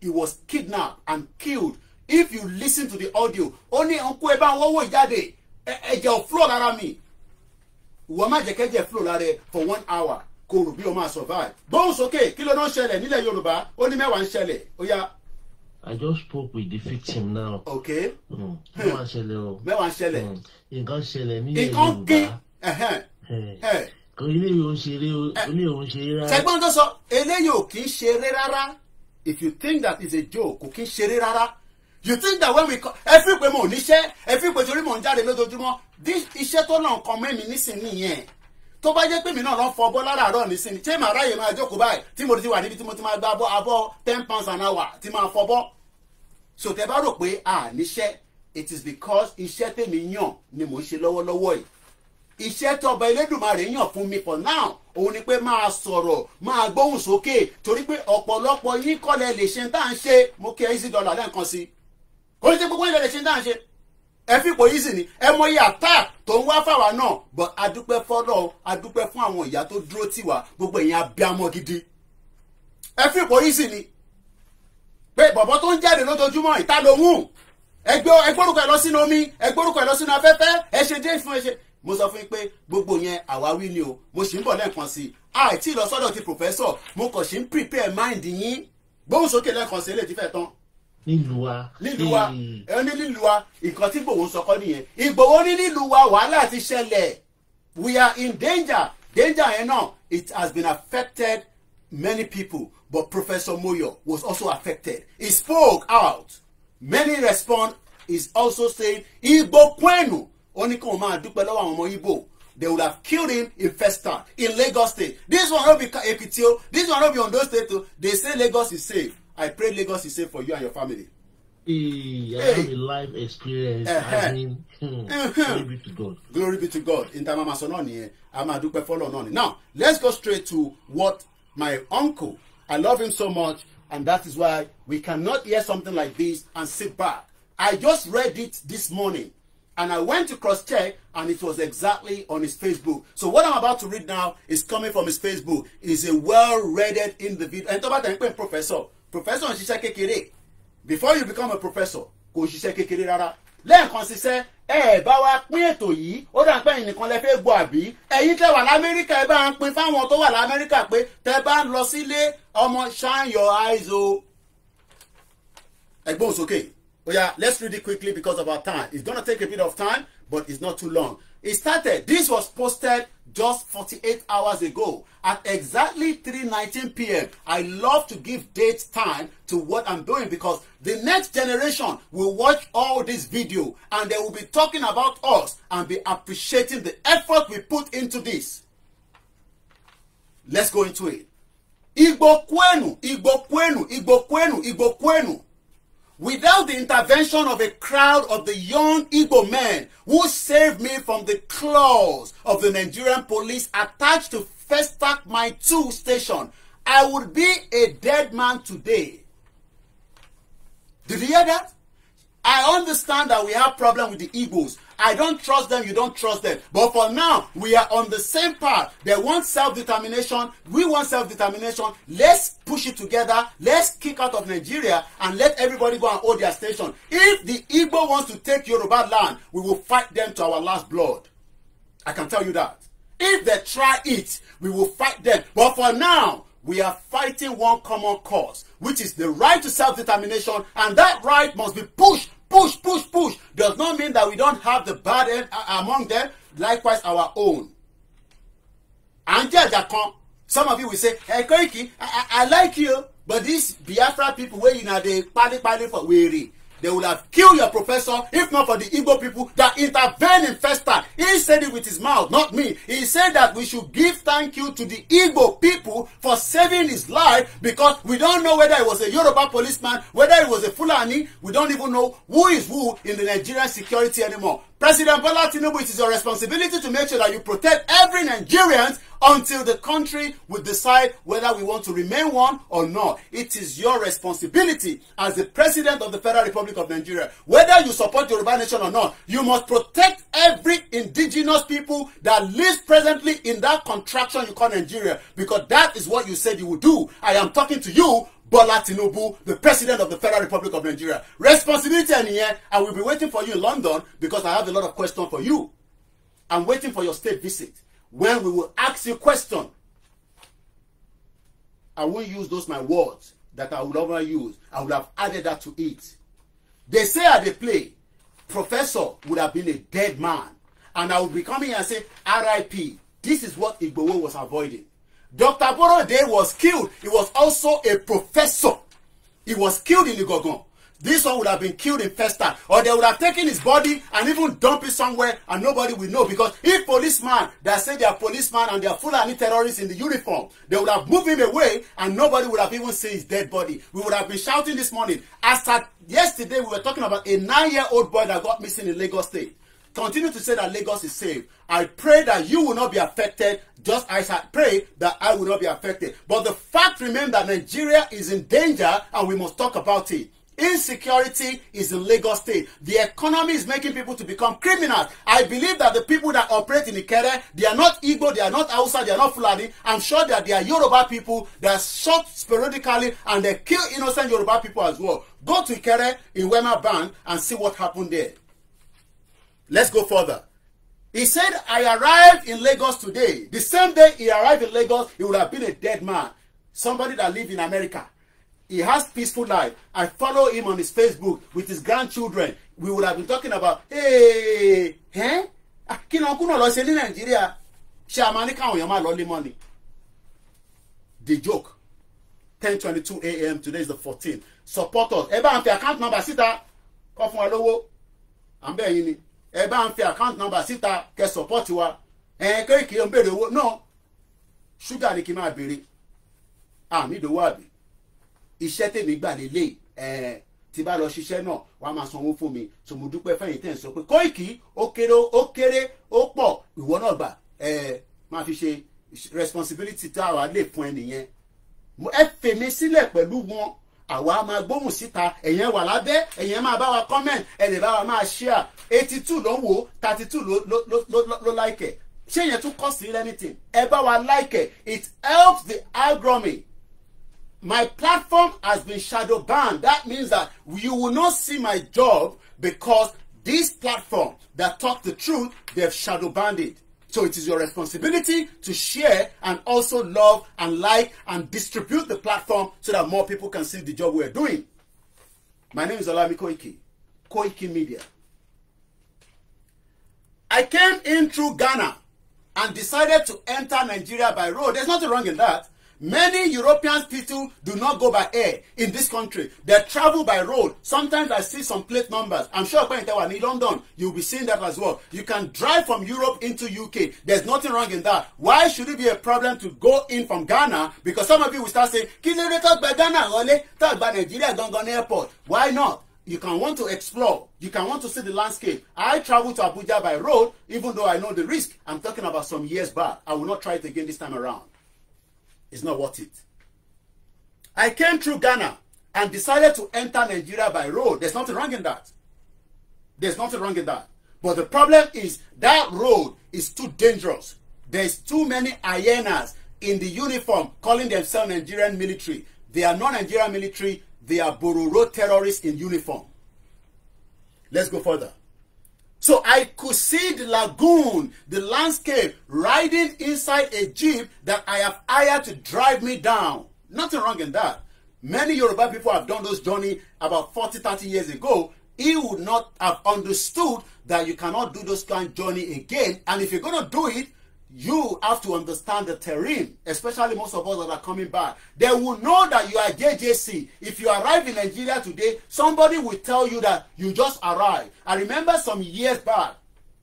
he was kidnapped and killed if you listen to the audio ó ní ọkọ ẹ bá wọ́wọ́ ìjáde ẹ̀jẹ̀ ò flow lára mi ìwọ má jẹ́ kẹ́jẹ̀ flow lára ẹ for one hour kó o rò bí o máa survive. gbóhùn sókè kí ló náà ṣẹlẹ̀ nílẹ̀ yorùbá ó ní mẹ́wàá ń ṣẹlẹ̀ ó yá I just spoke with the victim now. Okay. Mẹ́wàá mm. ṣẹlẹ̀ o. Mẹ́wàá ṣẹlẹ̀. Mm. Nǹkan ṣẹlẹ̀ ní ilé Yorùbá. Nǹkan kí. Kò eléyìí ò ń ṣeré eléyìí eh. ò ń ṣeré rárá. Ṣẹ̀gbọ́n tó sọ eléyìí ò kí ń ṣeré rárá. If you think that is a joke, kò kí ń ṣeré rárá. You think that when we call ẹ fi pé mo ò níṣẹ́ ẹ fi pé torí mo ń jáde lójoojúmọ́ iṣẹ́ tó náà kọ mẹ́mi nísìnyìí yẹn tó bá jẹ́ pé mi náà lọ fọ bọ́ láràárọ̀ nísìnyí ṣé màá ráyè máa jókòó báyìí tí mo ti wà níbi tí mo ti máa gbá bọ́ abọ́ ten pounds an hour tí máa fọ bọ́ so tẹ bá rò pé a it is because iṣẹ́ tèmi yàn ni mò ń ṣe lọ́wọ́lọ́wọ́ yìí iṣẹ́ tọba Elédùmarè yàn fún mi for now òun ni pé máa sọ̀rọ̀ máa gbóhùn sókè torí pé ọ̀pọ̀lọpọ̀ yín kọ́lẹ̀ lè ṣe tá à ń ṣe mo kí ẹ́ dollar lẹ́ǹkan sí i kò ní ṣe gbogbo yín ẹ fipò yìí sì ni ẹ mọ iye àtà tó ń wá fáwa náà bọ adúpẹ́ fọ́dọ̀ adúpẹ́ fún àwọn ìyá tó dúró tì wá gbogbo ẹ̀yin abiyamọ gidi ẹ fipò yìí sì ni pé bọ̀bọ̀ tó ń jáde lójoojúmọ́ ìta lòun ẹgbẹ́ ẹgbórúkọ ẹ lọ sínú omi ẹgbórúkọ ẹ lọ sínú afẹ́fẹ́ ẹ ṣe dé fún ẹ ṣe mo sọ fún yín pé gbogbo yẹn àwáwí ni o mo sì ń bọ̀ lẹ́ẹ̀kan sí i àìtí ìlọsọ́dọ̀ ti pòfẹ́sọ̀ mo kàn sì ń prepare mind yín gbóhùn sókè lẹ́ẹ̀kan sí eléyìí fẹ́ tán nílùú wa. Hmm. ẹ ní nílùú nǹkan tí gbòòwò sọkọ nìyẹn ìgbòho ní nílùú wàhálà ti ṣẹlẹ̀ we are in danger danger yẹn náà it has been affected many people but Professor Moyo was also affected he spoke out many respond is also saying Igbo kwenu ó ní kí wọn máa dúpẹ́ lọ́wọ́ àwọn ọmọ Igbo they would have killed him in first time in Lagos State this one no be Ekiti o this one no be Ondo State o they say Lagos is safe I pray Lagos is safe for you and your family. Hey, I hey. have a life experience. Uh-huh. I mean, hmm, uh-huh. glory be to God. Glory be to God. In mama Sononi, eh? Amadupe Folononi. Now, let's go straight to what my uncle, I love him so much, and that is why we cannot hear something like this and sit back. I just read it this morning, and I went to cross check, and it was exactly on his Facebook. So, what I'm about to read now is coming from his Facebook. He's a well readed individual. And talk about the professor professor ń ṣiṣẹ́ kékeré before you become a professor kò ṣiṣẹ́ kékeré rárá lẹ́ẹ̀kan ṣiṣẹ́ ẹ bá wa pín ètò yìí ó dà pé ẹnìkan lẹ fẹ́ gbọ́ àbí ẹ̀yin tẹ́ wà lamẹ́ríkà ẹ bá ń pín fáwọn tó wà lamẹ́ríkà pé tẹ́ bá ń lọ sílé ọmọ shine your eyes o. ẹ̀gbọ́n sókè oya let's read it quickly because of our time it's gonna take a bit of time but it's not too long it started this was posted just 48 hours ago at exactly 3:19 p.m. I love to give date time to what I'm doing because the next generation will watch all this video and they will be talking about us and be appreciating the effort we put into this. Let's go into it. Igbo kwenu, Igbo kwenu, Igbo kwenu, Igbo kwenu. Without the intervention of a crowd of the young Igbo men who saved me from the claws of the Nigerian police attached to Festac My Two station, I would be a dead man today. Did you hear that? I understand that we have problem with the Igbos. I don't trust them, you don't trust them. But for now, we are on the same path. They want self determination, we want self determination. Let's push it together, let's kick out of Nigeria, and let everybody go and hold their station. If the Igbo wants to take Yoruba land, we will fight them to our last blood. I can tell you that. If they try it, we will fight them. But for now, we are fighting one common cause, which is the right to self-determination, and that right must be pushed push, push, push does not mean that we don't have the bad end uh, among them, likewise our own. À ń jẹ́ ẹ̀jà Some of you will say, Hey, Koiki, I, I, I like you, but these Biafra people where you know they party, party for weary." they would have killed your professor if not for the Igbo people that intervened in first time. He said it with his mouth, not me. He said that we should give thank you to the Igbo people for saving his life because we don't know whether it was a Yoruba policeman, whether it was a Fulani. We don't even know who is who in the Nigerian security anymore. President Bola Tinubu, it is your responsibility to make sure that you protect every Nigerian until the country will decide whether we want to remain one or not. It is your responsibility as the president of the Federal Republic of Nigeria. Whether you support Yoruba Nation or not, you must protect every indigenous people that lives presently in that contraction you call Nigeria because that is what you said you would do. I am talking to you Bola Tinubu, the president of the Federal Republic of Nigeria. Responsibility and here, I will be waiting for you in London because I have a lot of questions for you. I'm waiting for your state visit when we will ask you question i won't use those my words that i would never use i would have added that to it they say at the play professor would have been a dead man and i would be coming and say rip this is what igbowo was avoiding dr borode was killed he was also a professor he was killed in igangan this one would have been killed in first time or they would have taken his body and even dump it somewhere and nobody will know because if policeman that say they are policeman and they are fulani terrorists in the uniform they would have moved him away and nobody would have even seen his dead body we would have been shouting this morning as at yesterday we were talking about a nine-year-old boy that got missing in lagos state continue to say that lagos is safe i pray that you will not be affected just as i pray that i will not be affected but the fact remains that nigeria is in danger and we must talk about it Insecurity is in Lagos State. The economy is making people to become criminals. I believe that the people that operate in Ikere, they are not Igbo, they are not Hausa, they are not Fulani. I'm sure that they are Yoruba people that shot sporadically and they kill innocent Yoruba people as well. Go to Ikere in Wema Bank and see what happened there. Let's go further. He said, I arrived in Lagos today. The same day he arrived in Lagos, he would have been a dead man. Somebody that lived in America. He has peaceful life. I follow him on his Facebook with his grandchildren. We would have been talking about, hey, eh? Ah, kí ni ọkùnrin lọ ṣe ní Nàìjíríà? Ṣé a máa ní káwọn èèyàn máa lọ lé mọ́ni? The joke. 10:22 a.m. Today is the fourteen. Support us. Ẹ bá ń fi account number síta kọ́ fún wa lówó. À ń bẹ̀ ni. Ẹ bá ń fi account number síta kẹ́ support wa. Ẹ̀ẹ́n kéèkì ń béèrè owó. No. Ṣúgà ni kí n máa béèrè. Àmì ìdòwò àbí iṣẹ́ tèmi gbà lélẹ̀ ẹ̀ tí bá lọ ṣiṣẹ́ náà wàá máa sanwó fún mi tó mo dúpẹ́ fẹ́yìn tẹ̀ ń sọ pé Koiki ó kéré ó kéré ó pọ̀ ìwọ náà gbà ẹ̀ máa fi ṣe responsibility tá a wà lè fún ẹ nìyẹn ẹ fèmí sílẹ̀ pẹ̀lú wọn àwa máa gbóhùn síta ẹ̀yẹn wà lábẹ́ ẹ̀yẹn máa bá wa comment ẹ̀ lè bá wa máa share eighty two ló ń wò thirty two ló ló ló ló like ẹ̀ ṣé yẹn tún cost you anything ẹ bá wa like ẹ̀ it helps the algorithm My platform has been shadow banned. That means that you will not see my job because this platform that talk the truth, they've shadow banned it. So it is your responsibility to share and also love and like and distribute the platform so that more people can see the job we're doing. My name is Olami Koiki, Koiki Media. I came in through Ghana and decided to enter Nigeria by road. There's nothing wrong in that. Many European people do not go by air in this country. They travel by road. Sometimes I see some plate numbers. I'm sure when you in London, you'll be seeing that as well. You can drive from Europe into UK. There's nothing wrong in that. Why should it be a problem to go in from Ghana? Because some of you will start saying, Kilere talk by Ghana, Ole, talk by Nigeria, Gangan Airport. Why not? You can want to explore. You can want to see the landscape. I travel to Abuja by road, even though I know the risk. I'm talking about some years back. I will not try it again this time around. It's not worth it. I came through Ghana and decided to enter Nigeria by road. There's nothing wrong in that. There's nothing wrong in that. But the problem is that road is too dangerous. There's too many hyenas in the uniform calling themselves Nigerian military. They are not Nigerian military. They are Road terrorists in uniform. Let's go further. So I could see the lagoon, the landscape, riding inside a jeep that I have hired to drive me down. Nothing wrong in that. Many Yoruba people have done those journey about 40, 30 years ago. He would not have understood that you cannot do those kind of journey again. And if you're going to do it, you have to understand the terrain, especially most of us that are coming back. They will know that you are JJC. If you arrive in Nigeria today, somebody will tell you that you just arrived. I remember some years back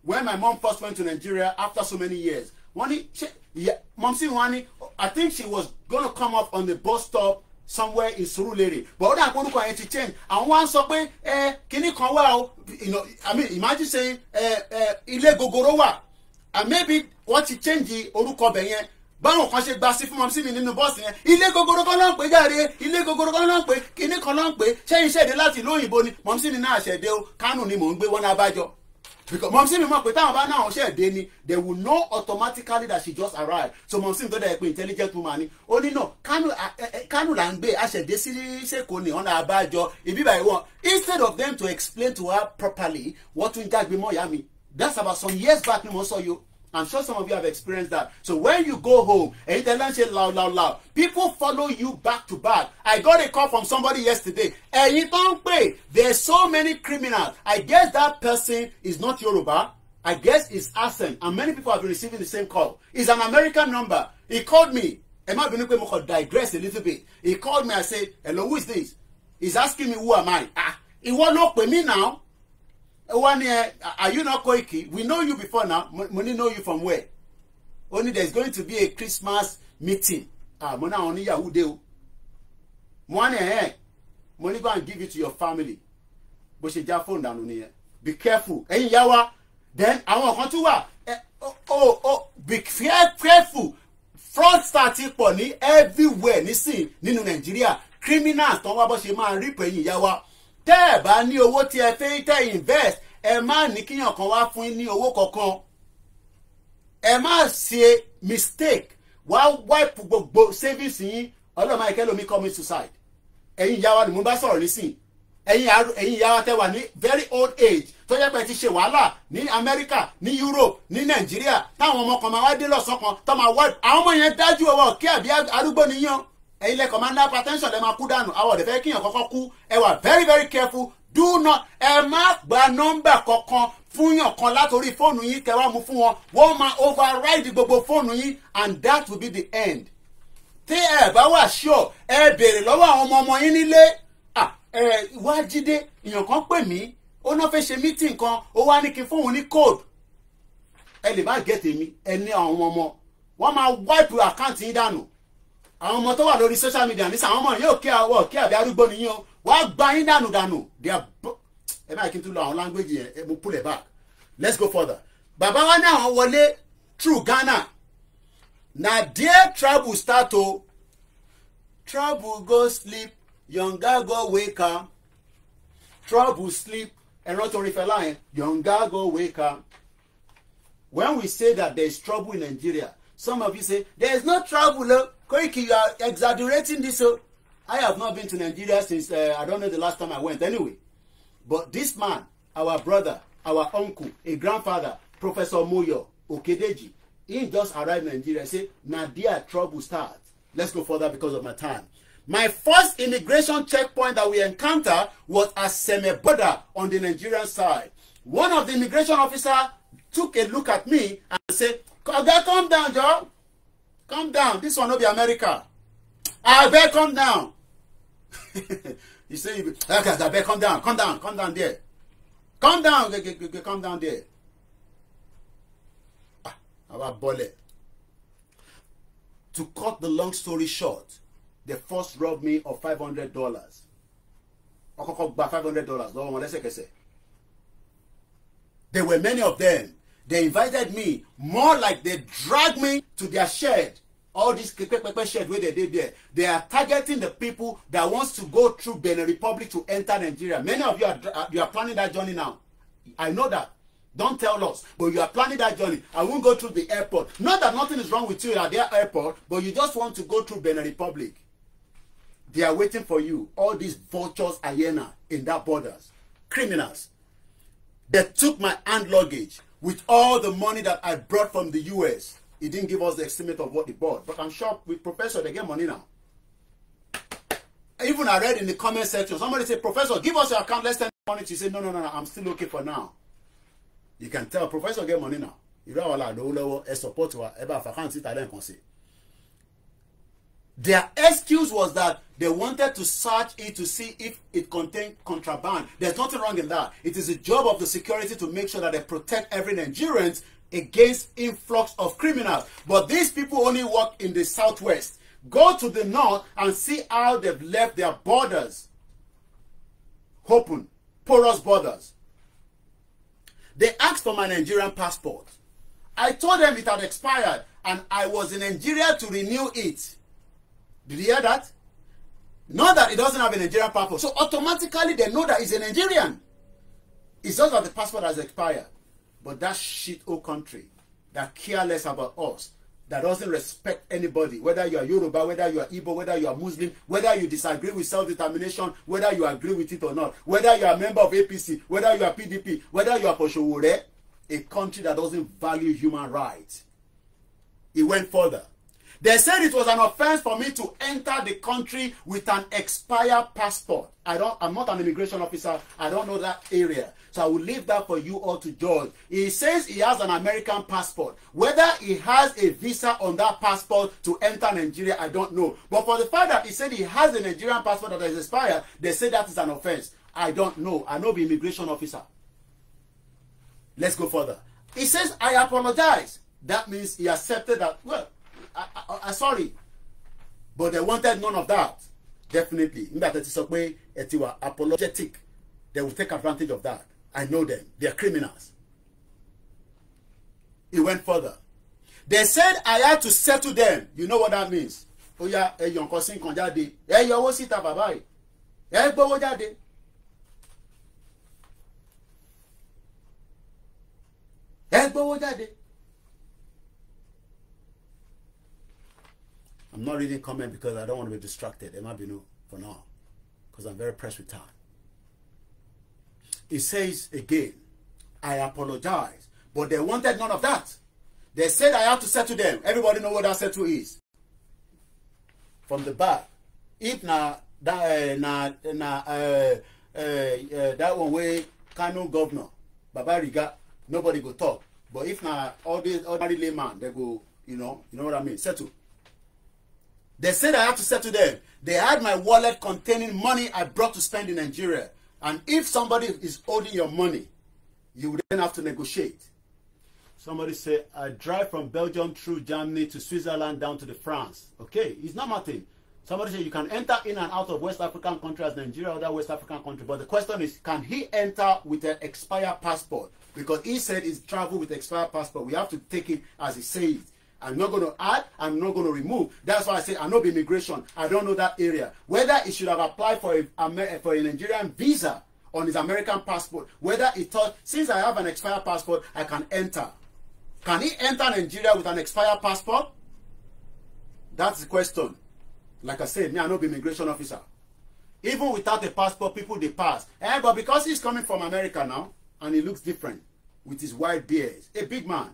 when my mom first went to Nigeria after so many years. Wani, she, yeah, mom see Wani, I think she was gonna come up on the bus stop somewhere in Surulere but other akórúkọ yẹn ti change and one ń sọ pé ẹ eh, kinní kan wà o you know I mean imagine saying ẹ eh, ẹ eh, ilé gogoro wa and maybe wọ́n ti change orúkọ bẹ̀ yẹn báwọn kan ṣe gba sí fún mọ́mísí mi nínú bọ́ọ̀sì yẹn ilé gogoro kan ló ń pè jáde ilé gogoro kan ló ń pè kíní kan ló ń pè ṣẹ́yìn ṣẹ̀dé láti ìlú òyìnbó ni mọ́mísí mi náà ṣẹ̀dé o kánò ni mò ń gbé wọn náà bájọ. because mọ́mísí mi mọ̀ pé táwọn bá náà wọn ṣẹ̀dé ni they will know automatically that she just arrived so mọ́mísí mi tó dẹ̀ pé intelligent woman ni ó ní nà kánò là ń gbé aṣẹ̀dé sí ṣèkó ni ọ̀nà àbájọ ìbí that's about some years back ni mo sọ yo i'm sure some of you have experienced that so when you go home èyí tẹ́ lẹ́yìn ṣe loud loud loud people follow you back to back i got a call from somebody yesterday ẹ̀yin tó ń pè there so many criminals i guess that person is not Yoruba i guess it's accent and many people have been receiving the same call it's an American number he called me ẹ má bínú pé mo kàn digress a little bit he called me i say hello who is this he's asking me who am i ah ìwọ ló pè me now one year are you not Koiki we know you before now Money know you from where only there is going to be a Christmas meeting ah mo náà wọn ní yahoo dé o mo ní ẹ̀hẹ́n mo ní go and give it to your family bó ṣe já fóònù dànù nìyẹn be careful ẹ̀yin yá wa then àwọn kan tún wà o o be careful fraudster ti pọ̀ ní everywhere nísìn nínú Nàìjíríà criminals tán wá bó ṣe máa rí pẹ̀yìn yá wa tẹ́ ẹ̀ bá ní owó tí ẹ fẹ́ tẹ́ invest ẹ má ní kíyàn kan wá fún ní owó kankan ẹ má ṣe mistake wá wipe gbogbo savings yín ọlọ́mọ akẹ́lómi commit suicide ẹ̀yin ìyá wa ni mo bá sọ̀rọ̀ nísìnyí ẹ̀yin ìyá wa tẹ́ wà ní very old age tó jẹ́ pé ti ṣe wàhálà ní amẹ́ríkà ní europe ní nàìjíríà táwọn ọmọ kan máa wá dé lọ́sàn-án kan tó máa wá àwọn ọmọ yẹn dájú ọwọ́ kí àbí arúgbó nìyàn ẹ̀yin lẹ́kọ̀ọ́ máa ń dá hypertension lẹ́ máa kú dànù àwọn ọ̀dẹ̀ fẹ́ kíyàn kọ́kọ́ kú ẹ wà very very careful do not ẹ má gba nọ́mbà kankan fúnyàn kan látòrí fóònù yín kẹwàá mú fún wọn wọ́n máa override gbogbo fóònù yín and that will be the end. tí ẹ bá wà sure ẹ béèrè lọ́wọ́ àwọn ọmọ ọmọ yín nílé ẹ wá jíde èèyàn kan pè mí ó náà fẹ́ ṣe meeting kan ó wá ní kí n fóun ní code ẹ lè má gẹ̀ tèmi ẹ ní àwọn ọmọ wọn máa wipe àkáǹtì yín dànù àwọn ọmọ tó wà lórí social media nísà àwọn ọmọ yóò kí àwọ kí àbí arúgbó nìyẹn o wàá gba yín dànù dànù they are ẹ máa kí n tún lo àwọn language yẹn mo pull it back let's go further bàbá wa ní àwọn wọlé through Ghana na there trouble start o trouble go sleep yonga go wake am trouble sleep ẹran tó rí fẹ́ láyẹn yonga go wake am when we say that there is trouble in Nigeria some of you say there is no trouble o. Koiki, you are exaggerating this. So I have not been to Nigeria since uh, I don't know the last time I went anyway. But this man, our brother, our uncle, a grandfather, Professor Moyo Okedeji, he just arrived in Nigeria and said, Nadia, trouble starts. Let's go further because of my time. My first immigration checkpoint that we encountered was at Seme border on the Nigerian side. One of the immigration officer took a look at me and said, come down, Joe calm down this one no be america abeg calm down He say you be okay abeg calm down calm down calm down there calm down okay, okay, okay, calm down there ah àwa bọ́lẹ̀ to cut the long story short they first robbed me of five hundred dollars ọkọ̀ọ̀kọ̀ gba five hundred dollars lọ́wọ́ wọn lẹ́sẹ̀kẹsẹ̀ there were many of them They invited me more like they dragged me to their shed. All this pepepepe shed wey dey dey there. They are targeting the people that wants to go through Benin Republic to enter Nigeria. Many of you are you are planning that journey now. I know that. Don't tell us, but you are planning that journey. I won't go through the airport. Not that nothing is wrong with you at their airport, but you just want to go through Benin Republic. They are waiting for you. All these vultures hyena in that borders. Criminals. They took my hand luggage with all the money that I brought from the US. He didn't give us the estimate of what he bought, but I'm sure with Professor they get money now. Even I read in the comment section, somebody said, Professor, give us your account, let's send money. She said, No, no, no, no, I'm still okay for now. You can tell Professor get money now. You know, àwọn àdó lọ́wọ́ a support wa ẹ bá àfàkàǹtì tàdé nǹkan sí. Their excuse was that They wanted to search it to see if it contained contraband. There's nothing wrong in that. It is the job of the security to make sure that they protect every Nigerian against influx of criminals. But these people only work in the southwest. Go to the north and see how they've left their borders open, porous borders. They asked for my Nigerian passport. I told them it had expired and I was in Nigeria to renew it. Did you hear that? Not that he doesn't have a Nigerian passport. So automatically they know that he's a Nigerian. It's just that the passport has expired. But that shit old country that care less about us, that doesn't respect anybody, whether you are Yoruba, whether you are Igbo, whether you are Muslim, whether you disagree with self-determination, whether you agree with it or not, whether you are a member of APC, whether you are PDP, whether you are Koshowore, a country that doesn't value human rights. He went further. They said it was an offense for me to enter the country with an expired passport. I don't, I'm not an immigration officer. I don't know that area. So I will leave that for you all to judge. He says he has an American passport. Whether he has a visa on that passport to enter Nigeria, I don't know. But for the fact that he said he has a Nigerian passport that is expired, they say that is an offense. I don't know. I know the immigration officer. Let's go further. He says, I apologize. That means he accepted that, well, I, I, I sorry but they wanted none of that definitely nígbà tẹ́ ti sọ pé ẹ ti wà apologetic they will take advantage of that I know them they are criminals he went further they said I had to settle them you know what that means ó yá ẹ yọ nǹkan sí nǹkan jáde ẹ yọ owó síta bàbá yìí ẹ gbowó jáde. ẹ gbowó jáde I'm not reading comment because I don't want to be distracted. It might be new for now because I'm very pressed with time. It says again, I apologize, but they wanted none of that. They said I have to settle them. Everybody know what that settle is. From the back, if na that uh, eh, na na uh, uh, uh, that one way Kano governor Baba Riga nobody go talk, but if na all these ordinary layman they go, you know, you know what I mean, settle. They said I have to settle them. They had my wallet containing money I brought to spend in Nigeria. And if somebody is holding your money, you would then have to negotiate. Somebody say, I drive from Belgium through Germany to Switzerland down to the France. Okay, it's not my thing. Somebody say you can enter in and out of West African country as Nigeria or other West African country. But the question is, can he enter with an expired passport? Because he said he's travel with expired passport. We have to take it as he says. I'm not going to add, I'm not going to remove. That's why I say I know immigration. I don't know that area. Whether he should have applied for a, for a Nigerian visa on his American passport, whether he thought, since I have an expired passport, I can enter. Can he enter Nigeria with an expired passport? That's the question. Like I said, me, I know immigration officer. Even without a passport, people they pass. Eh, but because he's coming from America now, and he looks different with his white beard, a big man,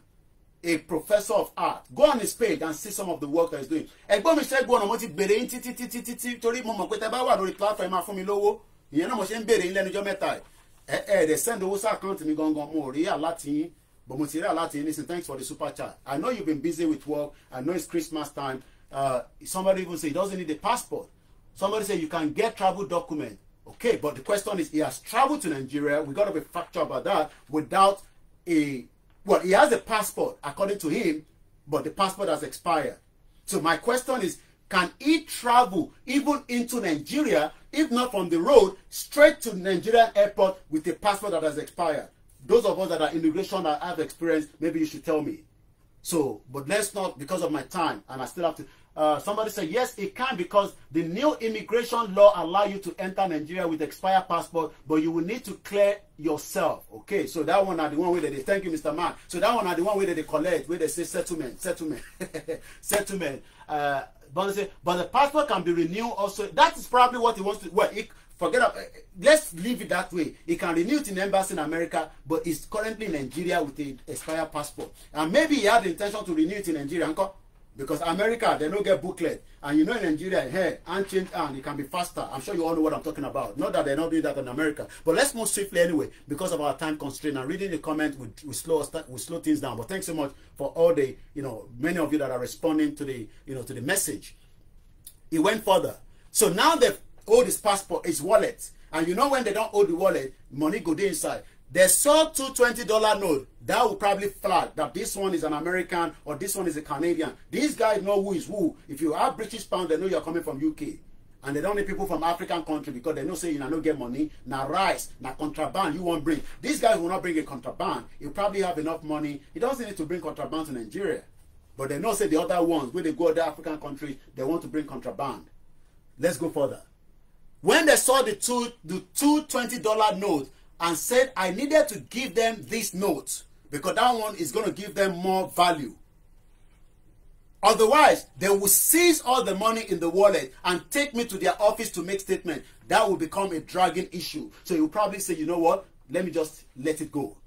a professor of art go on his page and see some of the work that he's doing ẹ̀gbọ́n mi ṣẹ́gun ọ̀nà mo ti bèrè yín títí títí títí torí mo mọ̀ pé tẹ́ bá wà lórí platform máa fún mi lówó ìyẹn náà mo ṣe ń bèrè yín lẹ́nujọ́ mẹ́ta ẹ̀ ẹ̀ dẹ̀ send owó sí àkáǹtì mi gangan mo rí àláti yín but mo ti rí àláti yín listen thanks for the super chat i know you've been busy with work i know it's christmas time uh, somebody even say he doesn't need a passport somebody say you can get travel document okay but the question is he has traveled to nigeria we got to be factual about that without a Well, he has a passport, according to him, but the passport has expired. So my question is, can he travel even into Nigeria, if not from the road, straight to Nigerian airport with a passport that has expired? Those of us that are immigration that have experience, maybe you should tell me. So, but let's not, because of my time, and I still have to, Uh, somebody said, yes, it can because the new immigration law allow you to enter Nigeria with expired passport, but you will need to clear yourself. Okay, so that one are the one way that they, thank you, Mr. Man. So that one are the one way that they collect, where they say settlement, settlement, settlement. Uh, but say, but the passport can be renewed also. That is probably what he wants to, well, it, forget about, uh, let's leave it that way. He can renew it in embassy in America, but he's currently in Nigeria with a expired passport. And maybe he had the intention to renew it in Nigeria. Uncle, Because America, they don't get booklet. And you know in Nigeria, hey, unchained and it can be faster. I'm sure you all know what I'm talking about. Not that they're not doing that in America. But let's move swiftly anyway because of our time constraint. And reading the comment would will, slow, would slow things down. But thanks so much for all the, you know, many of you that are responding to the, you know, to the message. He went further. So now they've hold his passport, his wallet. And you know when they don't hold the wallet, money go inside. They saw two $20 note. That will probably flag that this one is an American or this one is a Canadian. These guys know who is who. If you have British pound, they know you're coming from UK. And they don't need people from African country because they know say you know, get money, now rice, now contraband you won't bring. These guys will not bring a contraband. You probably have enough money. He doesn't need to bring contraband to Nigeria. But they know say the other ones, when they go to African country, they want to bring contraband. Let's go further. When they saw the two the two twenty dollar notes, and said I needed to give them this note because that one is going to give them more value. Otherwise, they will seize all the money in the wallet and take me to their office to make statement. That will become a dragging issue. So you probably say, you know what? Let me just let it go.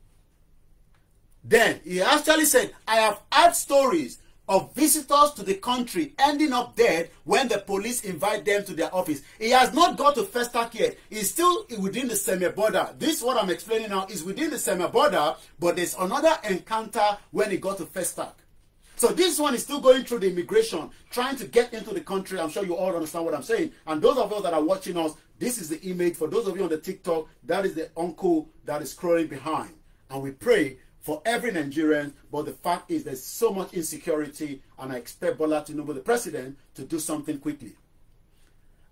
Then he actually said, I have had stories of visitors to the country ending up dead when the police invite them to their office. He has not got to Festac yet. He's still within the semi border. This, what I'm explaining now, is within the semi border, but there's another encounter when he got to Festac. So this one is still going through the immigration, trying to get into the country. I'm sure you all understand what I'm saying. And those of you that are watching us, this is the image. For those of you on the TikTok, that is the uncle that is crawling behind. And we pray for every Nigerian, but the fact is there's so much insecurity, and I expect Bola Tinubu, the president, to do something quickly.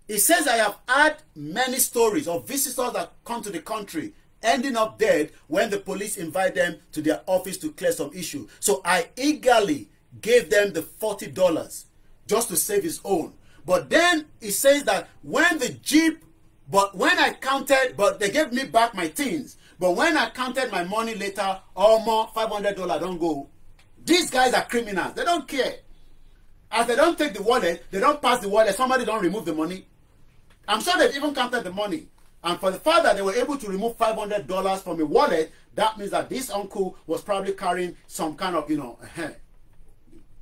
He says, I have had many stories of visitors that come to the country ending up dead when the police invite them to their office to clear some issue. So I eagerly gave them the $40 just to save his own. But then he says that when the jeep, but when I counted, but they gave me back my things. But when I counted my money later, almost $500 don't go. These guys are criminals. They don't care. As they don't take the wallet, they don't pass the wallet, somebody don't remove the money. I'm sure they've even counted the money. And for the fact that they were able to remove five hundred dollars from a wallet, that means that this uncle was probably carrying some kind of, you know,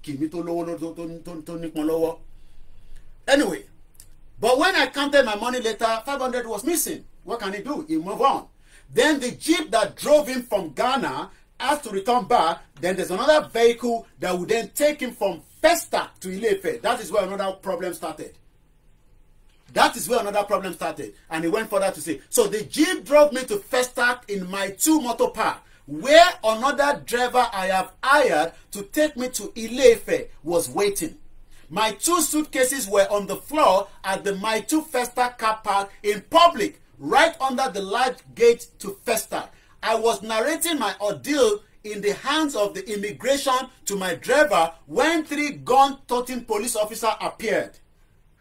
kìíní tó lówó tó nípọn lọ́wọ́. Anyway, but when I counted my money later, five hundred was missing. What can he do? He move on. Then the jeep that drove him from Ghana has to return back. Then there's another vehicle that will then take him from Festa to Ilefe. That is where another problem started. That is where another problem started. And he went further to say, so the jeep drove me to Festa in my two-motor park where another driver I have hired to take me to Ilefe was waiting. My two suitcases were on the floor at the My Two Festa car park in public right under the large gate to Festa. I was narrating my ordeal in the hands of the immigration to my driver when three gun-toting police officers appeared.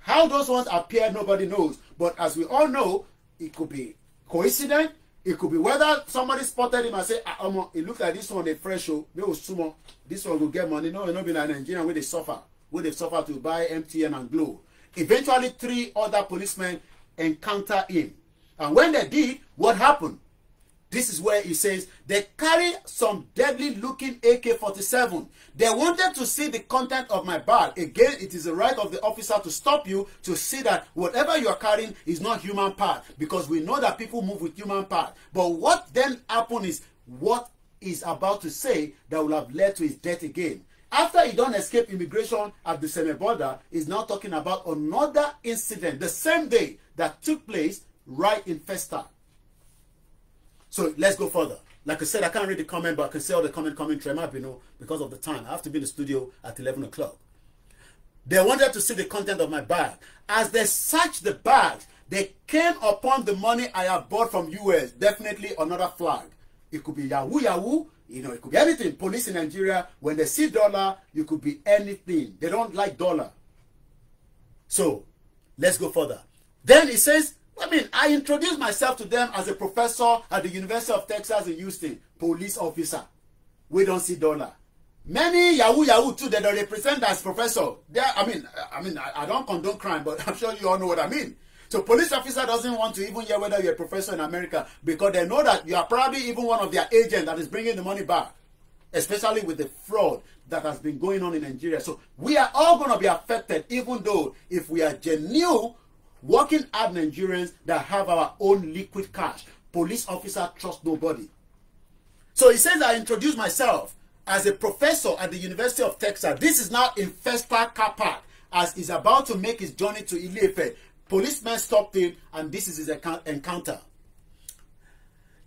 How those ones appeared, nobody knows. But as we all know, it could be coincident. It could be whether somebody spotted him and say, ah, omo, it looks like this one dey fresh o, oh, may o oh sumo, this one go get money. No, e not be like Nigerian where they suffer, where they suffer to buy MTN and Glo. Eventually, three other policemen encounter him. And when they did, what happened? This is where he says, they carry some deadly looking AK-47. They wanted to see the content of my bag. Again, it is the right of the officer to stop you to see that whatever you are carrying is not human part. Because we know that people move with human part. But what then happened is what is about to say that will have led to his death again. After he don't escape immigration at the same border, he's now talking about another incident the same day that took place right in first time. So let's go further. Like I said, I can't read the comment, but I can see all the comment coming up, you know, because of the time. I have to be in the studio at 11 o'clock. They wanted to see the content of my bag. As they searched the bag, they came upon the money I have bought from US. Definitely another flag. It could be Yahoo Yahoo. You know, it could be anything. Police in Nigeria, when they see dollar, you could be anything. They don't like dollar. So, let's go further. Then it says, I mean, I introduced myself to them as a professor at the University of Texas in Houston, police officer. We don't see dollar. Many Yahoo Yahoo too, they don't represent as professor. They, I mean, I mean, I, I don't condone crime, but I'm sure you all know what I mean. So police officer doesn't want to even hear whether you're a professor in America because they know that you are probably even one of their agents that is bringing the money back, especially with the fraud that has been going on in Nigeria. So we are all going to be affected, even though if we are genuine working hard Nigerians that have our own liquid cash. Police officer trust nobody. So he says, I introduce myself as a professor at the University of Texas. This is now in Festa Car Park as he's about to make his journey to Ile-Ife. Policemen stopped him and this is his encounter.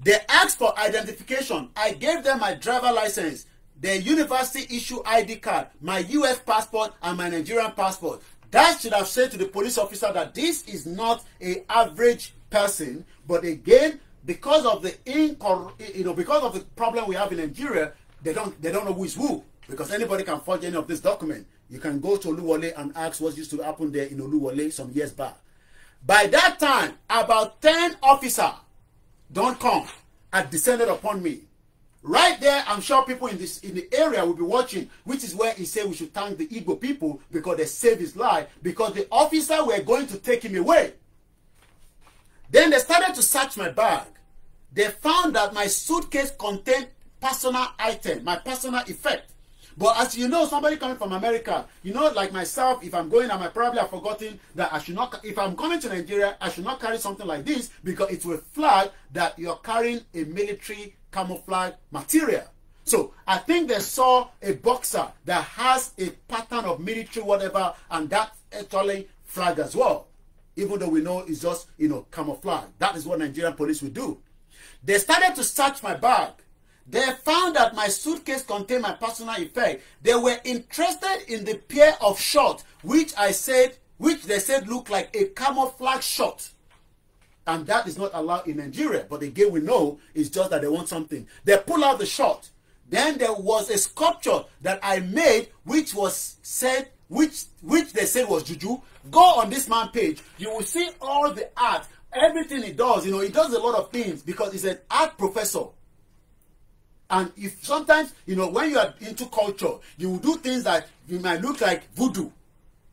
They asked for identification. I gave them my driver license, the university issue ID card, my US passport, and my Nigerian passport. That should have said to the police officer that this is not a average person, but again, because of the incor you know because of the problem we have in Nigeria, they don't they don't know who is who because anybody can forge any of this document. You can go to Oluwole and ask what used to happen there in Oluwole some years back. By that time, about ten officers don't come had descended upon me Right there, I'm sure people in this in the area will be watching, which is where he said we should thank the Igbo people because they saved his life, because the officer were going to take him away. Then they started to search my bag. They found that my suitcase contained personal item, my personal effect. But as you know, somebody coming from America, you know, like myself, if I'm going, I might probably have forgotten that I should not, if I'm coming to Nigeria, I should not carry something like this because it will flag that you're carrying a military camouflage material. So I think they saw a boxer that has a pattern of military whatever, and that actually flag as well. Even though we know it's just, you know, camouflage. That is what Nigerian police will do. They started to search my bag. They found that my suitcase contained my personal effect. They were interested in the pair of shorts, which I said, which they said looked like a camouflage shot. And that is not allowed in Nigeria. But again, we know it's just that they want something. They pull out the shot. Then there was a sculpture that I made, which was said, which which they said was juju. Go on this man page. You will see all the art, everything he does. You know, he does a lot of things because he's an art professor. And if sometimes, you know, when you are into culture, you will do things that you might look like voodoo.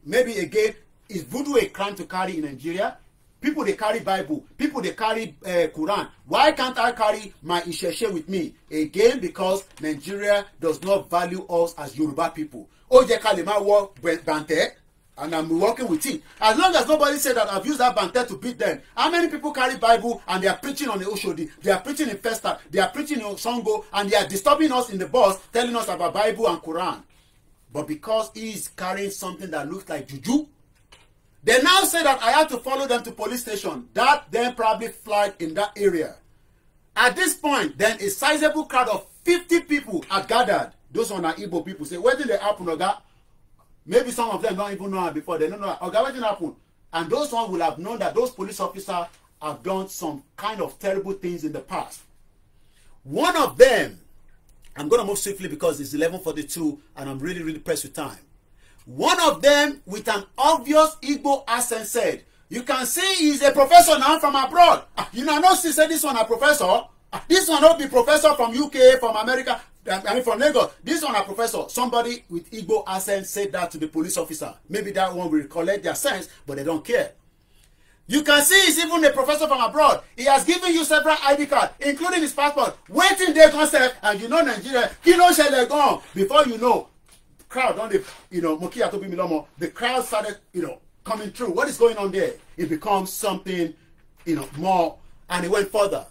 Maybe again, is voodoo a crime to carry in Nigeria? people dey carry bible people dey carry uh, quran why can't i carry my ìṣẹ̀ṣe with me again because nigeria does not value us as yoruba people ó jẹ́ ká lè máa wọ bàǹtẹ́ and i'm working with it as long as nobody say that i've used that bante to beat them how many people carry bible and they are preaching on the oshodi they are preaching in festa they are preaching in sango and they are disturbing us in the bus telling us about bible and quran but because he is carrying something that looks like juju They now say that I had to follow them to police station. That then probably flight in that area. At this point, then a sizable crowd of 50 people are gathered. Those are the Igbo people say, where did they happen, Oga? Maybe some of them don't even know her before. They don't know, Oga, what did happen? And those ones will have known that those police officers have done some kind of terrible things in the past. One of them, I'm going to move swiftly because it's 11.42 and I'm really, really pressed with time. One of them with an obvious Igbo accent said, You can see he's a professor now from abroad. Ah, you know, no see say this one a professor. Ah, this one no be professor from UK, from America, I mean from Lagos. This one a professor. Somebody with Igbo accent said that to the police officer. Maybe that one will collect their sense, but they don't care. You can see he's even a professor from abroad. He has given you several ID cards, including his passport. Waiting there concept, and you know Nigeria, kí ló ṣẹlẹ̀ gan-an before you know crowd don dey you know mokia to bimi lomo the crowd started you know coming through what is going on there it becomes something you know more and it went further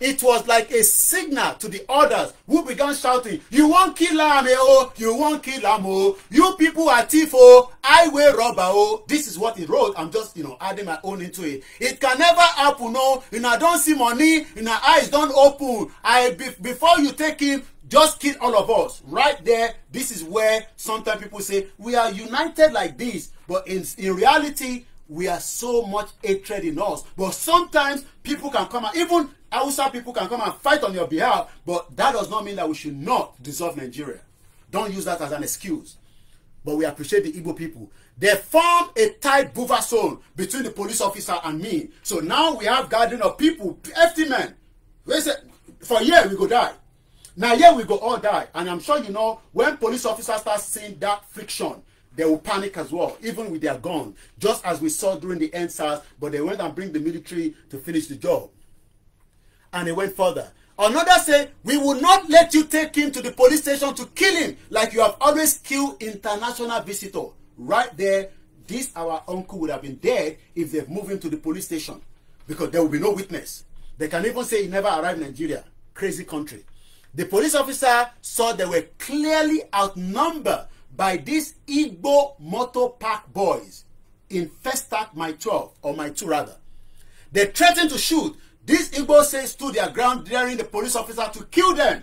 It was like a signal to the others who began shouting, You won't kill am eh, oh, you won't kill am oh, you people are thief oh, wear rubber. oh. This is what he wrote. I'm just, you know, adding my own into it. It can never happen oh, you know, I don't see money, you know, eyes don't open. I be, before you take him, just kill all of us right there this is where sometimes people say we are united like this but in in reality we are so much hatred in us but sometimes people can come out even Hausa people can come and fight on your behalf, but that does not mean that we should not dissolve Nigeria. Don't use that as an excuse. But we appreciate the Igbo people. They formed a tight buffer zone between the police officer and me. So now we have gathering of people, FT men. For a year we go die. Now here we go all die. And I'm sure you know, when police officers start seeing that friction, they will panic as well, even with their gun, just as we saw during the NSAS, but they went and bring the military to finish the job. and he went further. Another said, We will not let you take him to the police station to kill him like you have always killed international visitor. Right there, this our uncle would have been dead if they've moved him to the police station because there will be no witness. They can even say he never arrived in Nigeria. Crazy country. The police officer saw they were clearly outnumbered by these Igbo motor park boys in first Festac my 12 or my 2 rather. They threatened to shoot These Igbo says stood their ground daring the police officer to kill them.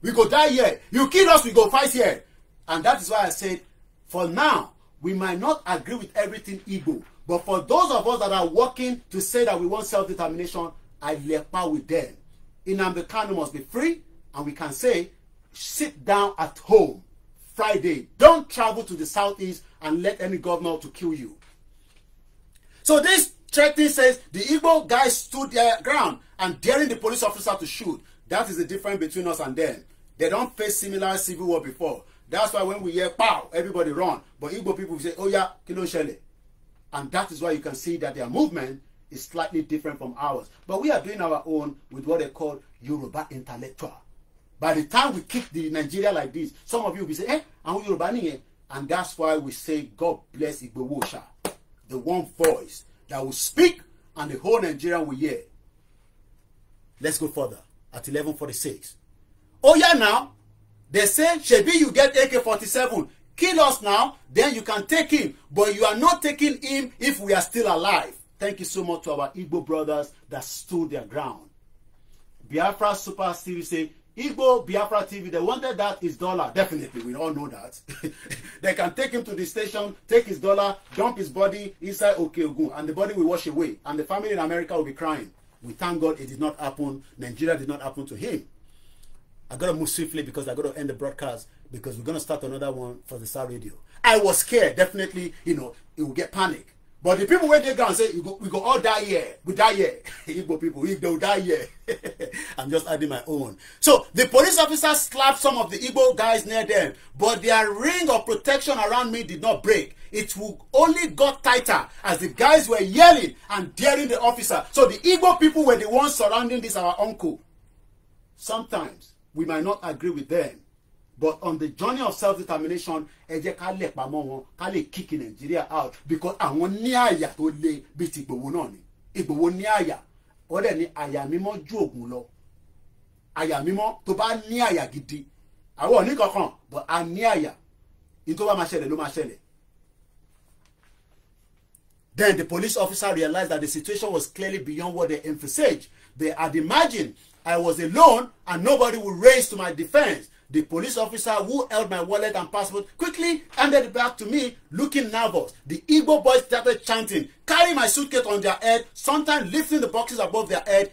We go die here. You kill us, we go fight here. And that is why I said, for now, we might not agree with everything Igbo. But for those of us that are working to say that we want self-determination, I leper with them. Inambi Kanu must be free, and we can say, sit down at home Friday. Don't travel to the southeast and let any governor to kill you. So this Threatening says the Igbo guy stood their ground and daring the police officer to shoot. That is the difference between us and them. They don't face similar civil war before. That's why when we hear pow, everybody run. But Igbo people say, oh yeah, kí ló And that is why you can see that their movement is slightly different from ours. But we are doing our own with what they call Yoruba intellectual. By the time we kick the Nigeria like this, some of you will be saying, eh, àwọn Yoruba nìyẹn. And that's why we say, God bless Igbo Wosha, the one voice that will speak and the whole Nigeria will hear. Let's go further at eleven forty-six. Oh yeah, now they say, Shebi, you get ak forty-seven. Kill us now, then you can take him. But you are not taking him if we are still alive. Thank you so much to our Igbo brothers that stood their ground. Biafra Super Series say, Igbo Biafra TV, they wanted that his dollar. Definitely, we all know that. they can take him to the station, take his dollar, dump his body inside Okeogun, and the body will wash away, and the family in America will be crying. We thank God it did not happen. Nigeria did not happen to him. I gotta move swiftly because I gotta end the broadcast because we're gonna start another one for the Star Radio. I was scared, definitely, you know, it will get panic but the people wey dey ground say we go, we go all die here we die here igbo people we go die here i'm just adding my own so the police officer slapped some of the igbo guys near them but their ring of protection around me did not break it only got tighter as the guys were yelling and daring the officer so the igbo people were the ones surrounding this our uncle sometimes we might not agree with them but on the journey of self determination ẹ jẹ́ ká lẹ̀ pamọ́ wọn ká lè kíkì nàìjíríà out because àwọn ní àyà tó le bíi ti ìgbòho náà ni ìgbòho ní àyà ó dẹ̀ ní àyà mímọ́ ju ògùn lọ àyà mímọ́ tó bá ní àyà gidi àwọn ò ní kankan but a ní àyà ní tó bá máa ṣẹlẹ̀ ló máa ṣẹlẹ̀. Then the police officer realized that the situation was clearly beyond what they envisaged. They had imagined I was alone and nobody would raise to my defense. The police officer who held my wallet and passport quickly handed it back to me, looking nervous. The Igbo boys started chanting, carrying my suitcase on their head, sometimes lifting the boxes above their head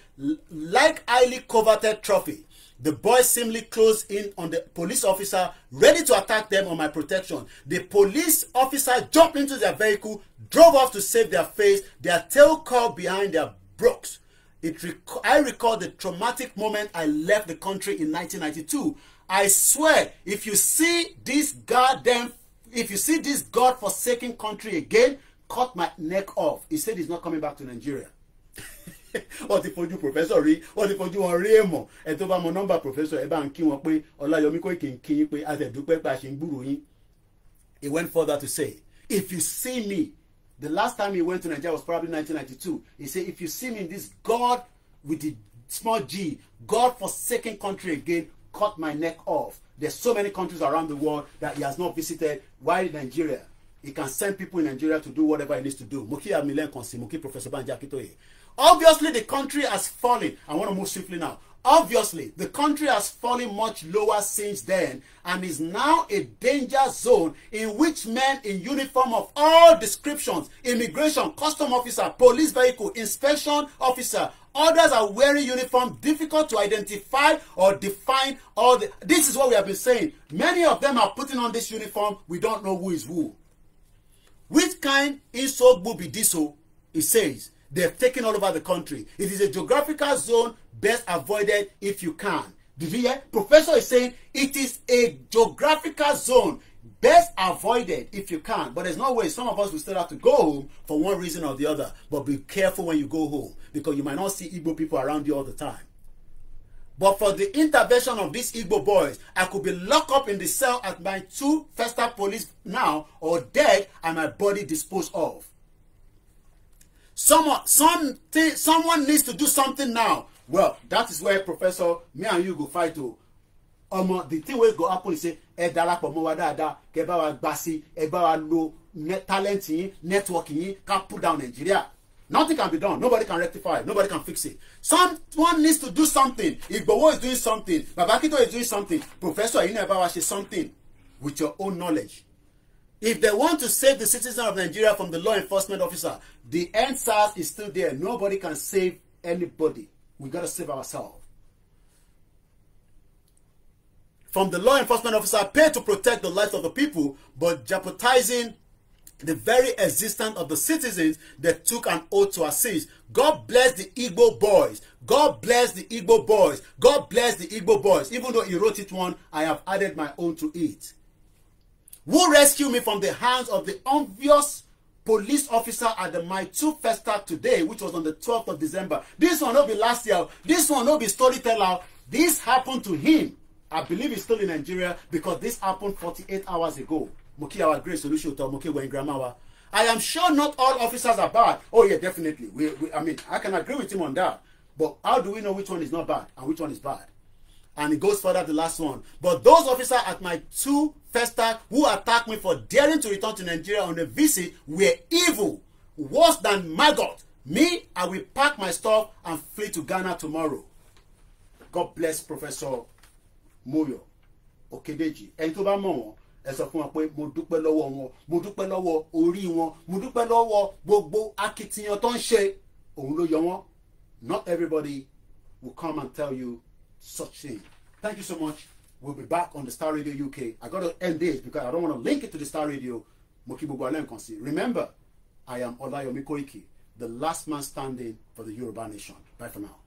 like highly coveted trophy. The boys seemingly closed in on the police officer, ready to attack them on my protection. The police officer jumped into their vehicle, drove off to save their face, their tail caught behind their brooks. It rec I recall the traumatic moment I left the country in 1992. I swear, if you see this goddamn, if you see this god-forsaken country again, cut my neck off. He said he's not coming back to Nigeria. wọ́n ti fojú professor rí wọ́n ti fojú wọn rí èèmọ̀ ẹ tó bá mọ nọ́mbà professor ẹ bá ń kí wọn pé ọláyọmí kò kì í kí yín pé àtẹ̀dúpẹ́ pé a ṣe ń gbúrò yín. he went further to say if you see me the last time he went to Nigeria was probably 1992 he say if you see me in this god with the small g god forsaken country again cut my neck off. There's so many countries around the world that he has not visited. Why Nigeria? He can send people in Nigeria to do whatever he needs to do. Muki Amilen Konsi, Muki Professor Banja Akitoye. Obviously, the country has fallen. I want to move swiftly now. Obviously, the country has fallen much lower since then and is now a danger zone in which men in uniform of all descriptions, immigration, custom officer, police vehicle, inspection officer, Others are wearing uniform, difficult to identify or define. All the, this is what we have been saying. Many of them are putting on this uniform. We don't know who is who. Which kind Insogbu be this? He oh? says they've taken all over the country. It is a geographical zone best avoided if you can. Did you hear? Professor is saying it is a geographical zone best avoided if you can but there's no way some of us will still have to go home for one reason or the other but be careful when you go home because you might not see igbo people around you all the time but for the intervention of these igbo boys i could be locked up in the cell at my two festa police now or dead and my body disposed of someone something someone needs to do something now well that is where professor me and you go fight o omo the thing wey go happen is say ẹ darapọ̀ mọ́ wa dáadáa kẹ bá wa gba sí ẹ bá wa lo tálẹ́ǹtì yín nẹ́tíwọ́ọ̀kì yín ká pull down Nigeria nothing can be done nobody can rectify nobody can fix it someone needs to do something Igboho is doing something Babakito is doing something Professor Eyinebawa ṣe something with your own knowledge if they want to save the citizens of Nigeria from the law enforcement officer the endsars is still there nobody can save anybody we gotta save ourselves from the law enforcement officer paid to protect the lives of the people, but jeopardizing the very existence of the citizens that took an oath to assist. God bless the Igbo boys. God bless the Igbo boys. God bless the Igbo boys. Even though he wrote it one, I have added my own to it. Who rescued me from the hands of the obvious police officer at the My Two first Festa today, which was on the 12th of December. This one not be last year. This one not be storyteller. This happened to him I believe he's still in Nigeria because this happened 48 hours ago. Muki our great solution to Muki when grandma. I am sure not all officers are bad. Oh yeah, definitely. We, we, I mean, I can agree with him on that. But how do we know which one is not bad and which one is bad? And it goes further the last one. But those officers at my two first stack who attacked me for daring to return to Nigeria on a visit were evil, worse than my God. Me, I will pack my stuff and flee to Ghana tomorrow. God bless Professor Moyọ̀ Òkèdèjì ẹni tó bá mọ̀ wọ́n ẹ sọ fún wọn pé mo dúpẹ́ lọ́wọ́ wọn mo dúpẹ́ lọ́wọ́ orí wọn mo dúpẹ́ lọ́wọ́ gbogbo akitiyan tó ń ṣe òun ló yọ wọn not everybody will come and tell you such thing thank you so much we'll be back on the Star Radio UK i gotta end this because i don't want to link it to the Star Radio mo kí gbogbo alẹ́ nǹkan sí remember i am Olayomi Koiki the last man standing for the Yoruba nation bye for now.